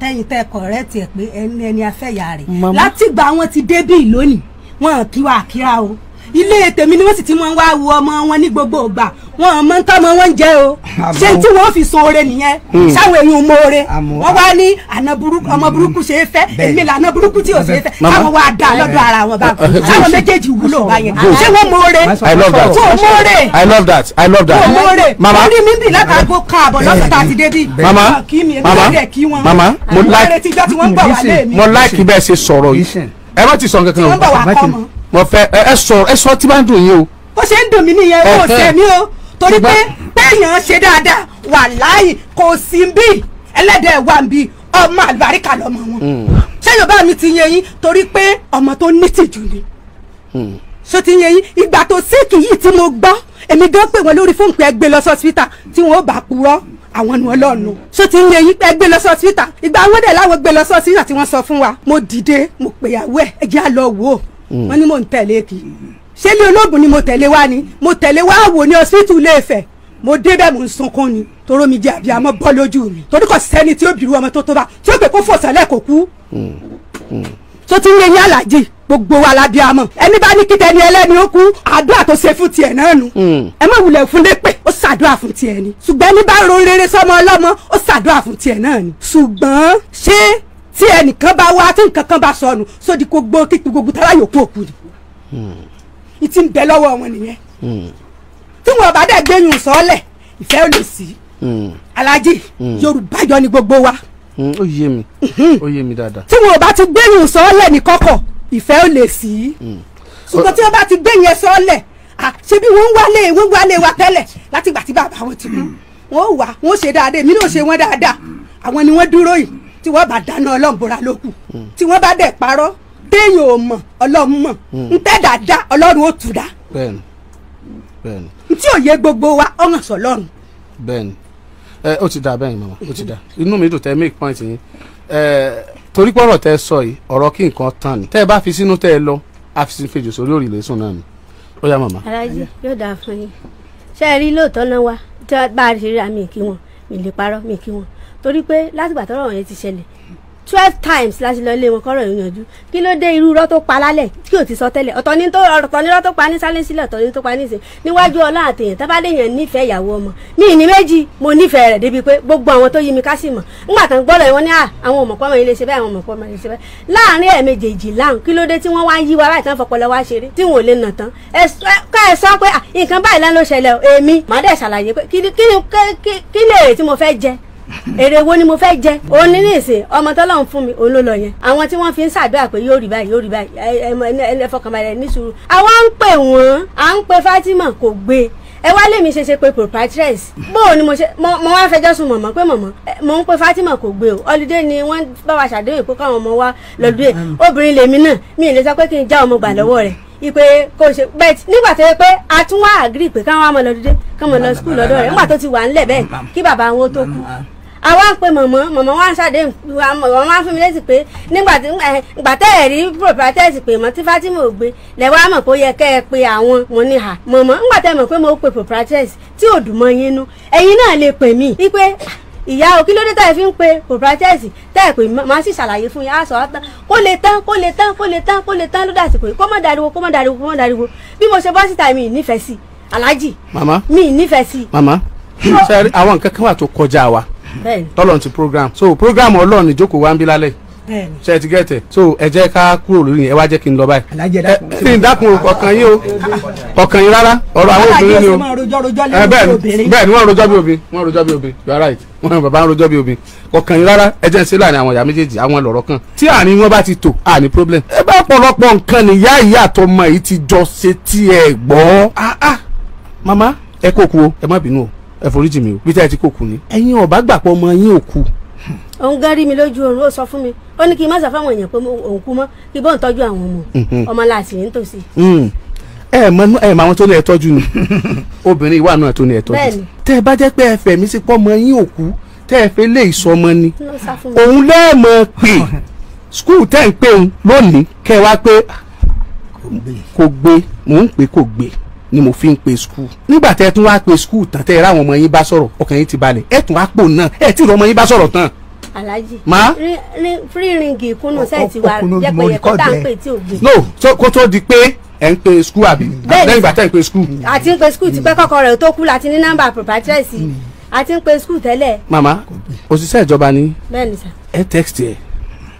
[SPEAKER 5] tẹ̀yìn tẹ correct ẹ pé ẹni ẹni afẹ́yà rẹ̀ látìgbà wọn ti débì lónìí wọn kí wàá kíra o ilé tèmi ni wọ́n sì ti máa wá wo ọmọ wọn ní gbogbo ìgbà wọn àmọ́ ń tọ́mọ wọn jẹ́ o ṣé tí wọ́n fi san oore nìyẹn hmm. ṣáwọn èèyàn mọ́ọ́re wọ́n wá ní ọmọ hmm. burúkú ṣe é fẹ́ èmi là burúkú tí ò ṣe é fẹ́ káwọn wá dá lọ́dọ̀ ara wọn bá káwọn méjèèjì wúlò báyẹn ṣé wọ́n mọ́ọ́re tó mọ́ọ́re I
[SPEAKER 3] love that I love that tó mọ́ọ́re mama orí
[SPEAKER 5] mi ń bì látàgò káàbọ̀ lọ́sọ̀tà àti débi mama mama mama mo like mo like
[SPEAKER 3] bẹ́ẹ̀ ṣe sọ̀rọ̀ yìí ẹ má ti sọ nǹkan kan o mo fẹ́ ẹ sọ ẹ sọ tí bá ń dùn yín o.
[SPEAKER 5] bó ṣe ń dùn mí nìyẹn ó tẹ̀ mí o torí pé péèyàn ṣe dáadáa wàláhì kò sí bí ẹlẹ́dẹ̀ wà ń bí ọmọ àlùbáríkà lọmọ wọn hmm. ṣé yorùbá mi ti yẹn yín torí pé ọmọ tó nítìjú ni hmm. ṣé ti yẹn yín ìgbà tó síkì yìí tí mo gbọ́ èmi gan pè wọ́n lórí fóònù pé ẹ gbé lọ sọ́sítà tí wọ́n bá purọ́ àwọn nu ọlọ́run ṣé ti yẹn yín pé ẹ gbé lọ sọ́sítà ìgbà wọn dẹ̀ láwọn gbé lọ sọ́sítà tí wọ́n sọ fún wa mo dìde mo pèyàwó ẹ̀ ẹ jẹ́ àlọ́ wò ó wọ́n mm. ní mò ń tẹ̀lé kì í ṣé ilé olóògùn ni mo tẹ̀lé wá ni mo tẹ̀lé wá wò ní ọsítù ilé Ifẹ̀ mo débẹ̀ mo ń sunkún ni toró mi jẹ́ àbí àmọ́ bọ́ lójú mi torí kò sẹ́ni tí ó bìrù ọmọ tó tó bá tí ó pè kó fòsànlẹ̀ kò kú mm. Mm. tó ti ń lé ní aláàjì gbogbo wa la bí a mọ̀ ẹni bá ní kíta ẹni ẹlẹ́ni ó kú àdúrà tó ṣe fún tiẹ̀ náà nù ẹ má wulẹ̀ fún lépè ó ṣàdúrà fún tiẹ̀ ni ṣùgbọ́n ẹni bá ro rere sọmọ ọlọ́mọ ó ṣàdúrà fún tiẹ̀ náà ni ṣùgbọ́n ṣé tí ẹnìkan bá wá tí nǹkan kan bá sọnù sódì gbogbo kíkún gbogbo tara yòókù òkú ni hmm. ìtì ń bẹ lọ́wọ́ wọn nìyẹn hmm. tí wọn bá dẹ̀ gbẹ̀yìn sọ́ọ́lẹ̀ ìfẹ́ ò lè sí hmm. alájì yorùbá jọ ni gbogbo wa.
[SPEAKER 3] ó yé mi ó yé mi dáadáa.
[SPEAKER 5] tí wọn bá ti gbẹ̀yìn sọ́ọ́lẹ̀ ní kọ́kọ́ ìfẹ́ ò lè sí ṣùgbọ́n tí wọn bá ti gbẹ̀yìn sọ́ọ́lẹ̀ ṣé bí wọ́n wálé wọ́n wálé wa tẹ́lẹ̀ látìgbà tí bàbá wọn ti kú wọ́n wà wọ́n ṣe dáadáa èmi náà ṣe wọ́n dáadáa àwọn ni wọ́n dúró yìí tí wọ́n bá dáná ọlọ́mbora lókù tí wọ́n bá dẹ̀ parọ́ déèyàn ò mọ̀ ọlọ́run mọ̀ hmm. ntẹ́ dáadáa ọlọ́run ó tù dá
[SPEAKER 3] bẹ́ẹ̀ni bẹ́ẹ̀ni.
[SPEAKER 5] ntí òye gbogbo wa ọ̀ràn sọ
[SPEAKER 3] lọ́run. ẹ ó ti dà bẹ́ẹ̀ mama ó ti dà inú mi dùn tẹ make point yín ẹ torí pọ̀rọ̀ tẹ sọ yìí ọ̀rọ̀ kí nǹkan tán ni tẹ́ ẹ bá fi sínú tẹ́ ẹ lọ a fi fèjò sórí òrìlè sùn náà ni ó yá mama. alájí
[SPEAKER 1] yóò dáa fún yín ṣe é rí lóòótọ́ náà wá tí wọ́n bá a ṣe rí àmì kí wọn mi parọ́ mi kí wọn torí pé látìgbà tọ́rọ̀ yẹn ti ṣẹlẹ̀ twelve times la ṣe lọ ilé wọn kọ́rọ̀ yẹn yanjú kí ló dé irú irọ́ tó pa lálẹ̀ tí ò ti sọ tẹ́lẹ̀ ọ̀tọ̀ ní tó ọ̀tọ̀ ní irọ́ tó pa ní sálẹ̀ sílẹ̀ ọ̀tọ̀ ní tó pa ní ìsìn níwájú ọlá àtẹ̀yìn tábàdé yẹn nífẹ̀ẹ́ ìyàwó ọmọ mi ní méjì mo nífẹ̀ẹ́ rẹ̀ débi pé gbogbo àwọn tó yí mi ká sì mọ̀ ńgbà tán gbọ́dọ̀ wọn ní àwọn ọmọ pọ́mọ ilé ṣe bẹ́ẹ̀ àwọn ọmọ pọ́mọ ilé ṣe bẹ́ẹ̀ láàárín ẹ̀ méjèèjì láhùn kí ló dé tí èrè wo ni mo fẹ́ jẹ òun ní nìsín ọmọ tọ́lọ́run fún mi òun ló lọ yẹn àwọn tí wọ́n fi ń ṣàdúrà pé yóò rí báyìí yóò rí báyìí ẹ fọkànbalẹ̀ ní sùúrù àwa ń pè wọ́n à ń pe Fatima kò gbé ẹ wá lèmi ṣe ṣe pé proprietress bóò ni mo ṣe mo wá fẹjọ́ sùn mọ̀mọ́ pé mọ̀mọ́ mo ń pe Fatima kò gbé o holiday ni wọ́n bá wa ṣàdéhùn pé káwọn ọmọ wa lọ́dún ẹ̀ obìnrin lèmi náà mi ì lè sọ pé kí n já ọmọ gbà lọ́wọ́ rẹ̀ ipe kò ṣe bẹ́ẹ̀ nígbà tó yẹ pé a tún wá agree pé káwọn ọmọ lọ dédé káwọn lọ school lọ́dọ̀ rẹ̀ nígbà tó ti wà ńlẹ̀ bẹ́ẹ̀ kí bàbá wọn tó kú a wá ń pe mọ̀mọ́ mọ̀mọ́ wá ń ṣàdé mọ̀mọ́ wá ń fún mi létí pé nígbà tí ìgbà tẹ́ ẹ̀ rí proprietor pé mọ́ tí Fatima ò gbé lẹ̀ wá mọ̀ pé ó yẹ kẹ́ ẹ pe àwọn mo ní hà mọ̀mọ́ ńgbà tẹ́ mọ̀ pé mo pe proprietor tí ò dùn mọ́ yín nú ẹ̀yin náà lè pè mí wípé ìyá o kí ló dé tá ẹ fi ń pe proprietor tẹ́ ẹ pè máa sì ṣàlàyé fún yín á sọ mi ì nífẹ̀ẹ́
[SPEAKER 3] sẹ́rí àwọn nǹkan kan wà tó kọjá wa tọ́lọ̀ ti program so program ọlọ́run ìjókòó wa ń bí lálẹ́ ṣe ti gẹ̀tẹ̀ so ẹ jẹ́ ká kúrò lórí yẹn ẹ wá jẹ́ kí n lọ báyìí ẹ kí n dákun ọkàn yín o
[SPEAKER 5] ọkàn yín rárá ọ̀rọ̀ àwọn obìnrin ni o ẹ bẹ́ẹ̀ wọ́n rojọ́ bí
[SPEAKER 3] obìnrin wọ́n rojọ́ bí obìnrin you are right wọ́n bàbá ń rojọ́ bí obìnrin ọkàn yín rárá ẹ jẹ́ ń ṣe láàrin àwọn ìyá méjèèjì àwọn lọ̀rọ̀ kan tí àárín wọn bá ti tò àní problem. ẹ bá pọ̀lọpọ̀ nǹkan nìyá ìyá àtọmọ yìí ti jọ ṣe mama ẹ ah, ah. kó o kú ẹ foríjì mi o bí tá ẹ ti kó kú ni ẹ̀yin ọba gbàpọ̀ ọmọ yín ò kú.
[SPEAKER 1] òun gan mi lójú oorun ó sọ fún mi ó ní kí n má sọ fáwọn èèyàn pé òun kú mọ́ kí bọ́ọ̀ tọ́jú àwọn ọmọ mhm. ọmọ láàsì ní tòsí.
[SPEAKER 3] Hmm. ẹ mọ ẹ mọ àwọn tó ní ẹ tọ́jú ni obìnrin ìwà náà tó ní ẹ tọ́jú tẹ ẹ bá jẹ́ pé ẹ fẹ̀mí sí pọ́ ọmọ yín ò kú tẹ ẹ fẹ́ lé ìsọmọ ni òun lẹ́ẹ̀mọ pé skul tẹ́ ń pè òun lónìí kẹ wá pé ah, kò gbé mò ń pè kò gbé ni mo fi ń pe skul nígbà tẹ́ ẹ tún wá pe skul tán tẹ́ ẹ ráwọn ọmọ yín bá sọ̀rọ̀ ọkàn yín ti balẹ̀ ẹ tún wá pò náà ẹ tí ì ọmọ yín bá sọ̀rọ̀ tán.
[SPEAKER 1] alhaji ma fíríǹgì ìkúnnù sẹ́ẹ̀tì wa yẹpẹyẹpẹ tá à ń pè tí ò gbé.
[SPEAKER 3] no kó tó di pé ẹ ń pe skul àbí lẹ́yìn ìgbà tẹ́ ẹ ń pe skul.
[SPEAKER 1] àti ń pe skul ti pẹ́ kọ́kọ́ rẹ̀ tó kú láti ní nọ́mbà pàtẹ́sì àti hmm. ń pe skul tẹ́lẹ̀.
[SPEAKER 3] màmá òṣìṣẹ́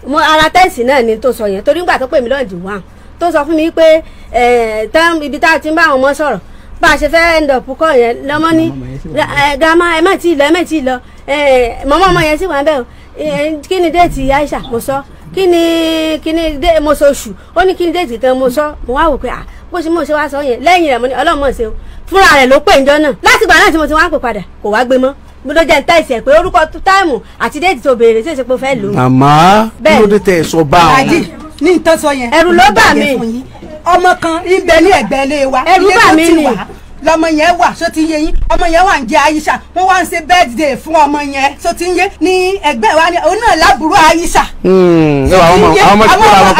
[SPEAKER 1] mo ara tẹ́sì náà ni tó sọ yẹn torí ń gbà tó tó sọ fún mi pé ibi tá a ti ń bá àwọn ọmọ sọ̀rọ̀ bá a ṣe fẹ́ end up kọ́ yẹn lọ́mọ ní grandma ẹ má tí ì lọ ẹ má tí ì lọ mọ́mọ́ ọmọ yẹn sì wà bẹ́ẹ̀ o kí ni déètì Aisha mo sọ kí ni kí ni mo sọ oṣù ó ní kí ni déètì tán mo sọ mo wá wò pé ah bó ṣe mo ṣe wá sọ yẹn lẹ́yìn rẹ̀ mo ní ọlọ́mọ ṣe o fúnra rẹ̀ ló pè ń jọ náà látìgbà náà tí mo ti wá pè padà kò wá gbé mọ́ gbọdọ jẹ nta ẹsẹ pé orúkọ táìmù àti déètì tó béèrè tí èsì pé o fẹ́ lò.
[SPEAKER 5] màmá
[SPEAKER 3] kí ló dé tẹ ẹ sọ bá ọ
[SPEAKER 5] ní nǹkan sọ yẹn. ẹ̀rù ló bà mí. ọmọ kan ibẹ̀ ní ẹ̀gbẹ́ ilé wa ilé tó ti wà lọmọ yẹn wà só ti yé yín ọmọ yẹn wà ń jẹ Aisha wọn wá ń ṣe birthday fún ọmọ yẹn só ti yé ní ẹgbẹ́ wa ni òun náà lábúrò Aisha. Hmm, àwọn ọmọ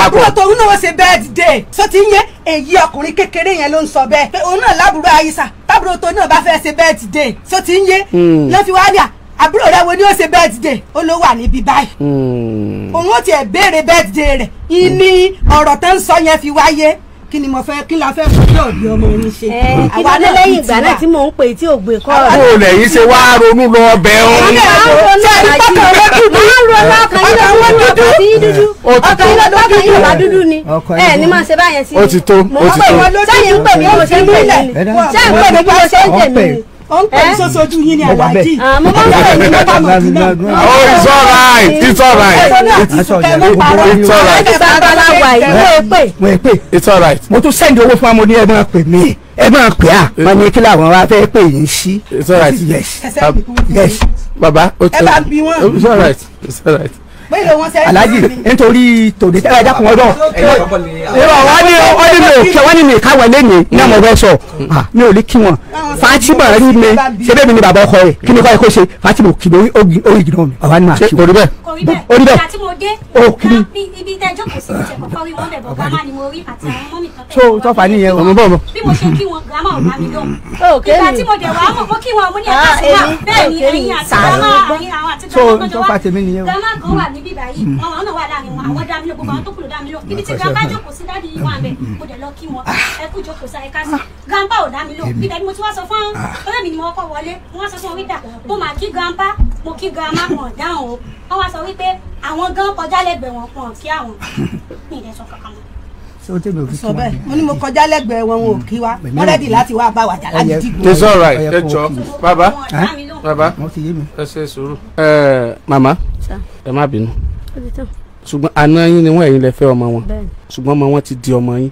[SPEAKER 5] àbúrò tó òun náà èyí ọkùnrin kékeré yẹn ló ń sọ bẹ́ẹ̀ pé òun náà lábúrò Aisha tábúrò tó náà bá fẹ́ ṣe birthday só ti yé hmm. lọ́fi wá ní à àbúrò rẹ wo ni ó ṣe birthday ó ló wà níbí báyìí. Hmm. òun ó tiẹ̀ béèrè birthday rẹ̀ ìní ọ̀rọ̀ tó ń sọ yẹn fi wáyé kí ni mo fẹ́ kí la fẹ́ fún kí òbí ọmọ mi ṣe. kí ló dé lẹ́yìn ìgbà náà tí mò ń pè tí ò gbé kọ́ ọ̀rọ̀. kó
[SPEAKER 2] lẹ́yìn ṣe wá ronú lọ ọbẹ̀ ọ̀hún. ṣe ìpọ́kọ̀ rẹ dúdú. máa ń ronú ọkàn yín
[SPEAKER 1] lọ́dún ọkàn yín dúdú. ọkàn yín lọ́dún ọkàn yín bàbá dúdú ni. ẹ ní máa ṣe báyẹn sí i. ó ti tó ó ti
[SPEAKER 5] tó. sẹ́yìn ń pè mí bí mo ṣe ń pè mí. sẹ́yìn ń pè mí bí mo ṣe ń pè mí. Eh? mo ah,
[SPEAKER 2] oh it's alright it's it's alright. sábàlá it's alright. mo tún sẹ́ndì owó fún amóní ẹ máa pè mí ẹ máa pè á wọn ni kí làwọn wá fẹ́ pè yín sí. it's alright.
[SPEAKER 5] yes yes.
[SPEAKER 3] baba o it's alright it's alright
[SPEAKER 5] alhaji
[SPEAKER 2] nítorí tòde tẹ́lẹ̀ ẹja kun ọdọ wọ́n ní ọdún mi ò kí wọ́n ní mi káwọ́ lẹ́nu ní àwọn ọ̀rẹ́ sọ hmm. ah, mi ò lè kí wọn fatima rí mi ṣẹbẹ́ mi ni bàbá ọkọ rẹ̀ kí ni kọ́ ẹ kó ṣe fatima òkì lórí orí ìgbìmọ̀ mi ọ̀rọ̀ àná àti orí bẹ́ẹ̀ orí bẹ́ẹ̀
[SPEAKER 4] o kì í. ibi tẹ́ jókòó sí ìṣẹ̀kọ̀ fọ́rí wọn bẹ̀ bọ̀ gbàmà ni mo rí àti àwọn mọ́mì
[SPEAKER 2] tọ́tẹ̀. so tọ́fà nìyẹn o. bí mo ṣe kí
[SPEAKER 4] wọn gbàmà ọ̀gá mi lọ. ìgbà tí mo dẹ̀ wà á mọ̀ fún kí wọn mú ní àkàtúntà ah, bẹ́ẹ̀ ni ah, ẹ̀yin àti gbàmà àwọn àti gbàmà ní bíbá yìí hmm. ọmọ náà wà láàrin wọn àwọn dámi ló gbogbo àwọn tó kù ló dámi ló ibi tí grandpa jókòó sí dáàdi yìí wà ń bẹ hmm. mo dẹ̀ lọ kí wọn ah. ẹ kú jókòó sa ẹ ká sí grandpa ò dámi ló ibẹ̀ ni mo ti wá sọ fún ah. ọ̀rẹ́ mi ni mo kọ́ wọlé wọ́n sọ fún wípé mo máa kí grandpa mo kí grandma kan dáhùn o wọ́n wá sọ wípé àwọn gan kọjá lẹ́gbẹ̀ẹ́ wọn kan kí àwọn mi ì
[SPEAKER 5] so tèmi ò fi kí wọn. sọ bẹ́ẹ̀ mo ní mo kọjá lẹ́gbẹ̀ẹ́ wọn ò kí wa wọn rẹdí láti wá bá wa jà láti dìgbò. it's all right ẹ jọ
[SPEAKER 2] bàbá
[SPEAKER 3] bàbá ẹ ṣe sùúrù. ẹ màmá ẹ má bínú ṣùgbọ́n àná yín ni wọ́n ẹ̀yin lẹ fẹ́ ọmọ wọn ṣùgbọ́n ọmọ wọn ti di ọmọ yín.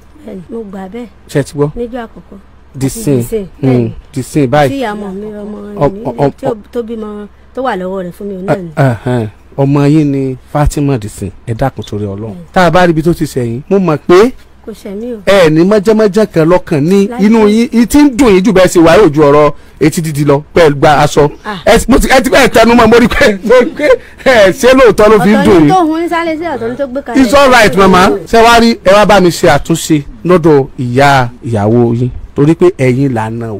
[SPEAKER 1] mo gbà bẹ́ẹ̀. ṣe ti gbọ́. níjọ́ àkọ́kọ́. disin disin hmm, báyìí. sí àmọ́ mi ọmọ mi tó bímọ tó wà lọ́wọ́ rẹ̀ fún mi náà
[SPEAKER 3] ni ọmọ yín ni Fatima disin ẹ dákun torí Ọlọ́run tá a bá ríbi tó ti sẹyìn mo mọ̀ pé ẹ ní mọ́jẹ́mọ́jẹ́ kan lọ́kàn ní inú yín tí ń dùn yín jù bẹ́ẹ̀ sì wáyé òjú ọ̀rọ̀ etí dídì lọ pẹ̀lú gba aṣọ ẹ ti bẹ́ẹ̀ tẹnu mọ́ mo rí pé ẹ ṣé lóòótọ́ ló fi ń dùn
[SPEAKER 1] yín. it's all right mama ṣé wàá rí
[SPEAKER 3] ẹ wá bá mi ṣe àtúnṣe lọ́dọ̀ ìyá ìyàwó yín torí pé ẹ̀yin lànà o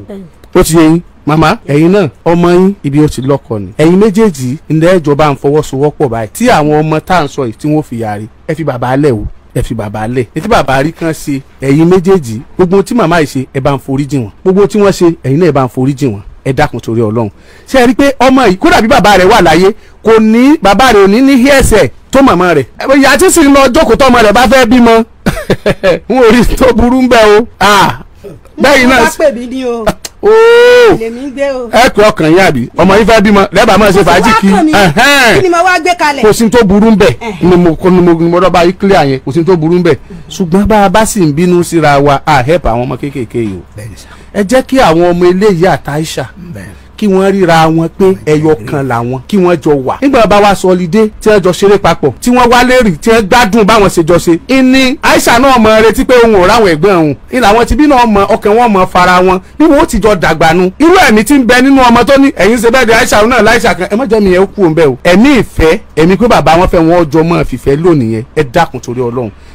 [SPEAKER 3] ó ti yẹ yín màmá ẹ̀yin náà ọmọ yín ibi ó ti lọ́kọ ni ẹ̀yin méjèèjì ilé ẹjọba ń fọwọ́sowọ́pọ̀ báyìí tí àwọn ọmọ tá à ń sọ yìí tí wọ́n fi yàrí ẹ fi bàbá alẹ́ o ẹ fi bàbá lẹ̀ etí bàbá rí kan ṣe ẹ̀yin méjèèjì gbogbo tí màmá yìí ṣe ẹ bá ń foríjì wọn gbogbo tí wọ́n ṣe ẹ̀yin náà ẹ bá ń foríjì wọn ẹ dákun torí Ọlọ́run ṣe é rí pé ọmọ yìí kódà bí bàbá rẹ̀ wà láyé kò ní bàbá rẹ̀ ò ní ní hẹ́ẹ̀sẹ̀ tó màmá rẹ̀ ìyá tí sì ń lọ jókòó tọmọ rẹ̀ bá fẹ́ bímọ n ò rí tó burú ń bẹ o ah, bẹ́ẹ̀
[SPEAKER 5] náà ẹ
[SPEAKER 3] pé ọkàn yín àbí ọmọ yín fẹ́ bímọ lẹ́bàá máa ṣe fàájì kí kò sí tó burú bẹ̀ ni mo rọ́bà yín clear yẹn kò sí tó burú bẹ̀ ṣùgbọ́n bá a bá sì ń bínú síra wa a help àwọn ọmọ kéékèèké yìí o ẹ jẹ́ kí àwọn ọmọ eléyìí àtàìṣà kí wọ́n ríra wọn pé ẹyọ kan làwọn kí wọ́n jọ wà. nígbà bá wa sọ ọlídé tí wọ́n jọ ṣeré papọ̀ tí wọ́n wálé rì tí wọ́n gbádùn báwọn ṣe jọ ṣe. ìní Aisha náà mọ retí pé òun ò ráwọn ẹ̀gbọ́n òun ni làwọn ti bí náà mọ ọkàn wọn mọ fara wọn bí wọn ó ti jọ dàgbà nu. irú ẹ̀mí ti ń bẹ nínú ọmọ tó ní ẹ̀yin ṣe bẹ́ẹ̀ di Aisha náà láìsà mi yẹn ó kú òun bẹ́ẹ̀ o. ẹ̀mí ìfẹ́ ẹ̀mí pé bàbá wọn fẹ́ wọn ọjọ́ mọ́ fìfẹ́ lónìí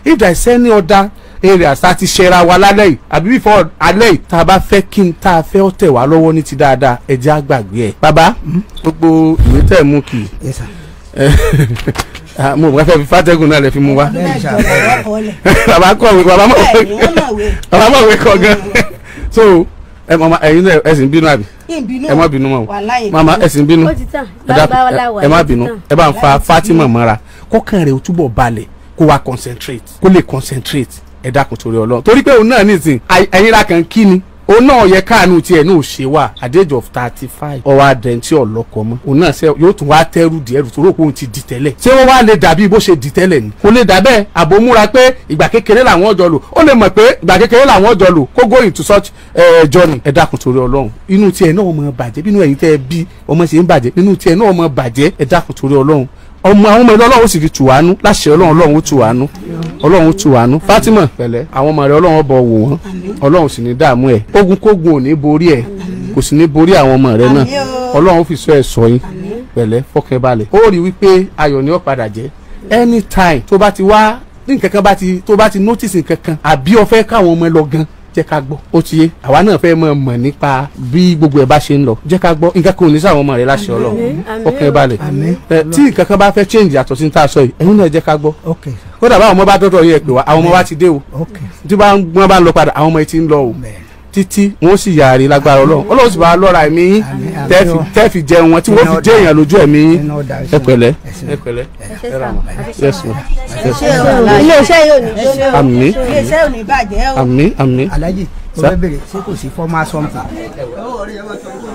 [SPEAKER 3] if there is any other èrè àṣà ti ṣẹra wa lálẹ́ yìí àbí bífọ̀ alẹ́ yìí tá a bá fẹ́ kí n tá a fẹ́ tẹ̀ wá lọ́wọ́ ní ti dáadáa ẹ jẹ́ àgbàgbé ẹ̀. bàbá hmm? gbogbo ìwé tẹ̀ mú kì í ah, mo bá fẹ́ fi fàtẹ́gùn náà lè fi mu wá.
[SPEAKER 5] bàbá kọ̀wé bàbá mọ̀wé bàbá mọ̀wé
[SPEAKER 3] kọ̀ gan. so ẹ mọ ẹyin náà ẹ sì ń bínú àbí ẹ má bínú mọ mama ẹ sì ń bínú ẹ má bínú ẹ bá ń fa Fatima mọ́ra kọ́kàn rẹ̀ ó túbọ̀ balẹ̀ kó wa concentrate kó lè concentrate ẹ dákun torí Ọlọ́run torí pé òun náà nìsín ẹyinra kan kí ni òun náà yẹ káàánú tiẹ̀ náà ṣe wà at age of thirty five ọwọ́ adẹ̀ntì ọ̀lọ́kọ mọ́ òun náà ṣe yóò tún wá tẹ́rù díẹ̀ rù torí òpó òun ti dì tẹ́lẹ̀ ṣé wọ́n wá lè dàbí bó ṣe dì tẹ́lẹ̀ ni kò lè dàbẹ́ àbò múra pé ìgbà kékeré làwọn jọ lò ó lè mọ̀ pé ìgbà kékeré làwọn jọ lò kó go into such eh, journey ẹ dákun torí ọlọ́run inú tiẹ̀ náà ọmọ bàjẹ́ bínú ẹ̀yin tẹ́ bí ọmọ ṣe ń bàjẹ́ inú tiẹ̀ náà ọmọ bàjẹ́ ẹ dákun torí ọlọ́run ọmọ àwọn ọmọ ẹ lọ́lọ́run ó sì fi tù wá nú láṣẹ ọlọ́run ọlọ́run ó tù wá nú ọlọ́run ó tù wá nú Fatima pẹ̀lẹ́ àwọn ọmọ rẹ ọlọ́run ọbọ̀ wò wọ́n ọlọ́run sì ní dààmú ẹ̀ ogun kógun ò ní borí ẹ̀ kò sì ní borí àwọn ọmọ rẹ náà ọlọ́run fi sọ ẹ̀ sọ yín pẹ̀lẹ́ fọkẹ́ balẹ̀ ó rí wípé ayọ̀ ni ó padà jẹ́ anytime tó bá ti wá ní nǹkan kan bá ti tó bá ti notice nǹkan kan àbí ó fẹ́ káwọn ọmọ ẹ lọ gan jẹ́ ká gbọ́ ó ti yé àwa náà fẹ́ mọ̀ mọ̀ nípa bí gbogbo ẹ̀ bá ṣe ń lọ jẹ́ ká gbọ́ nǹkan kan ò ní sáwọn ọmọ rẹ̀ láṣẹ ọlọ́run ọkàn ẹ̀ balẹ̀ tí nǹkan kan bá fẹ́ change yàtọ̀ sí ní tá a sọ yìí ẹ̀yin náà jẹ́ ká gbọ́ kódà báwọn ọmọ bá dọ́dọ̀ yẹ pé wa àwọn ọmọ wa ti dé o tí wọ́n bá ń lọ padà àwọn ọmọ yìí ti ń lọ o títí wọn sì yàrá lágbára ọlọ́run ọlọ́run sì bá lọ́ra ẹ̀mí yín tẹ́ fi jẹ wọn tí wọ́n fi jẹ́ èèyàn lójú ẹ̀mí yín ẹ pẹ̀lẹ́ ẹ pẹ̀lẹ́ ẹ rà wọn yẹsùn
[SPEAKER 2] yẹsùn. iléeṣẹ́ yóò ní bàjẹ́ àmín iléeṣẹ́ yóò ní bàjẹ́ àmín bèrè ṣé kò sí fọ́mà sọ́ǹpù.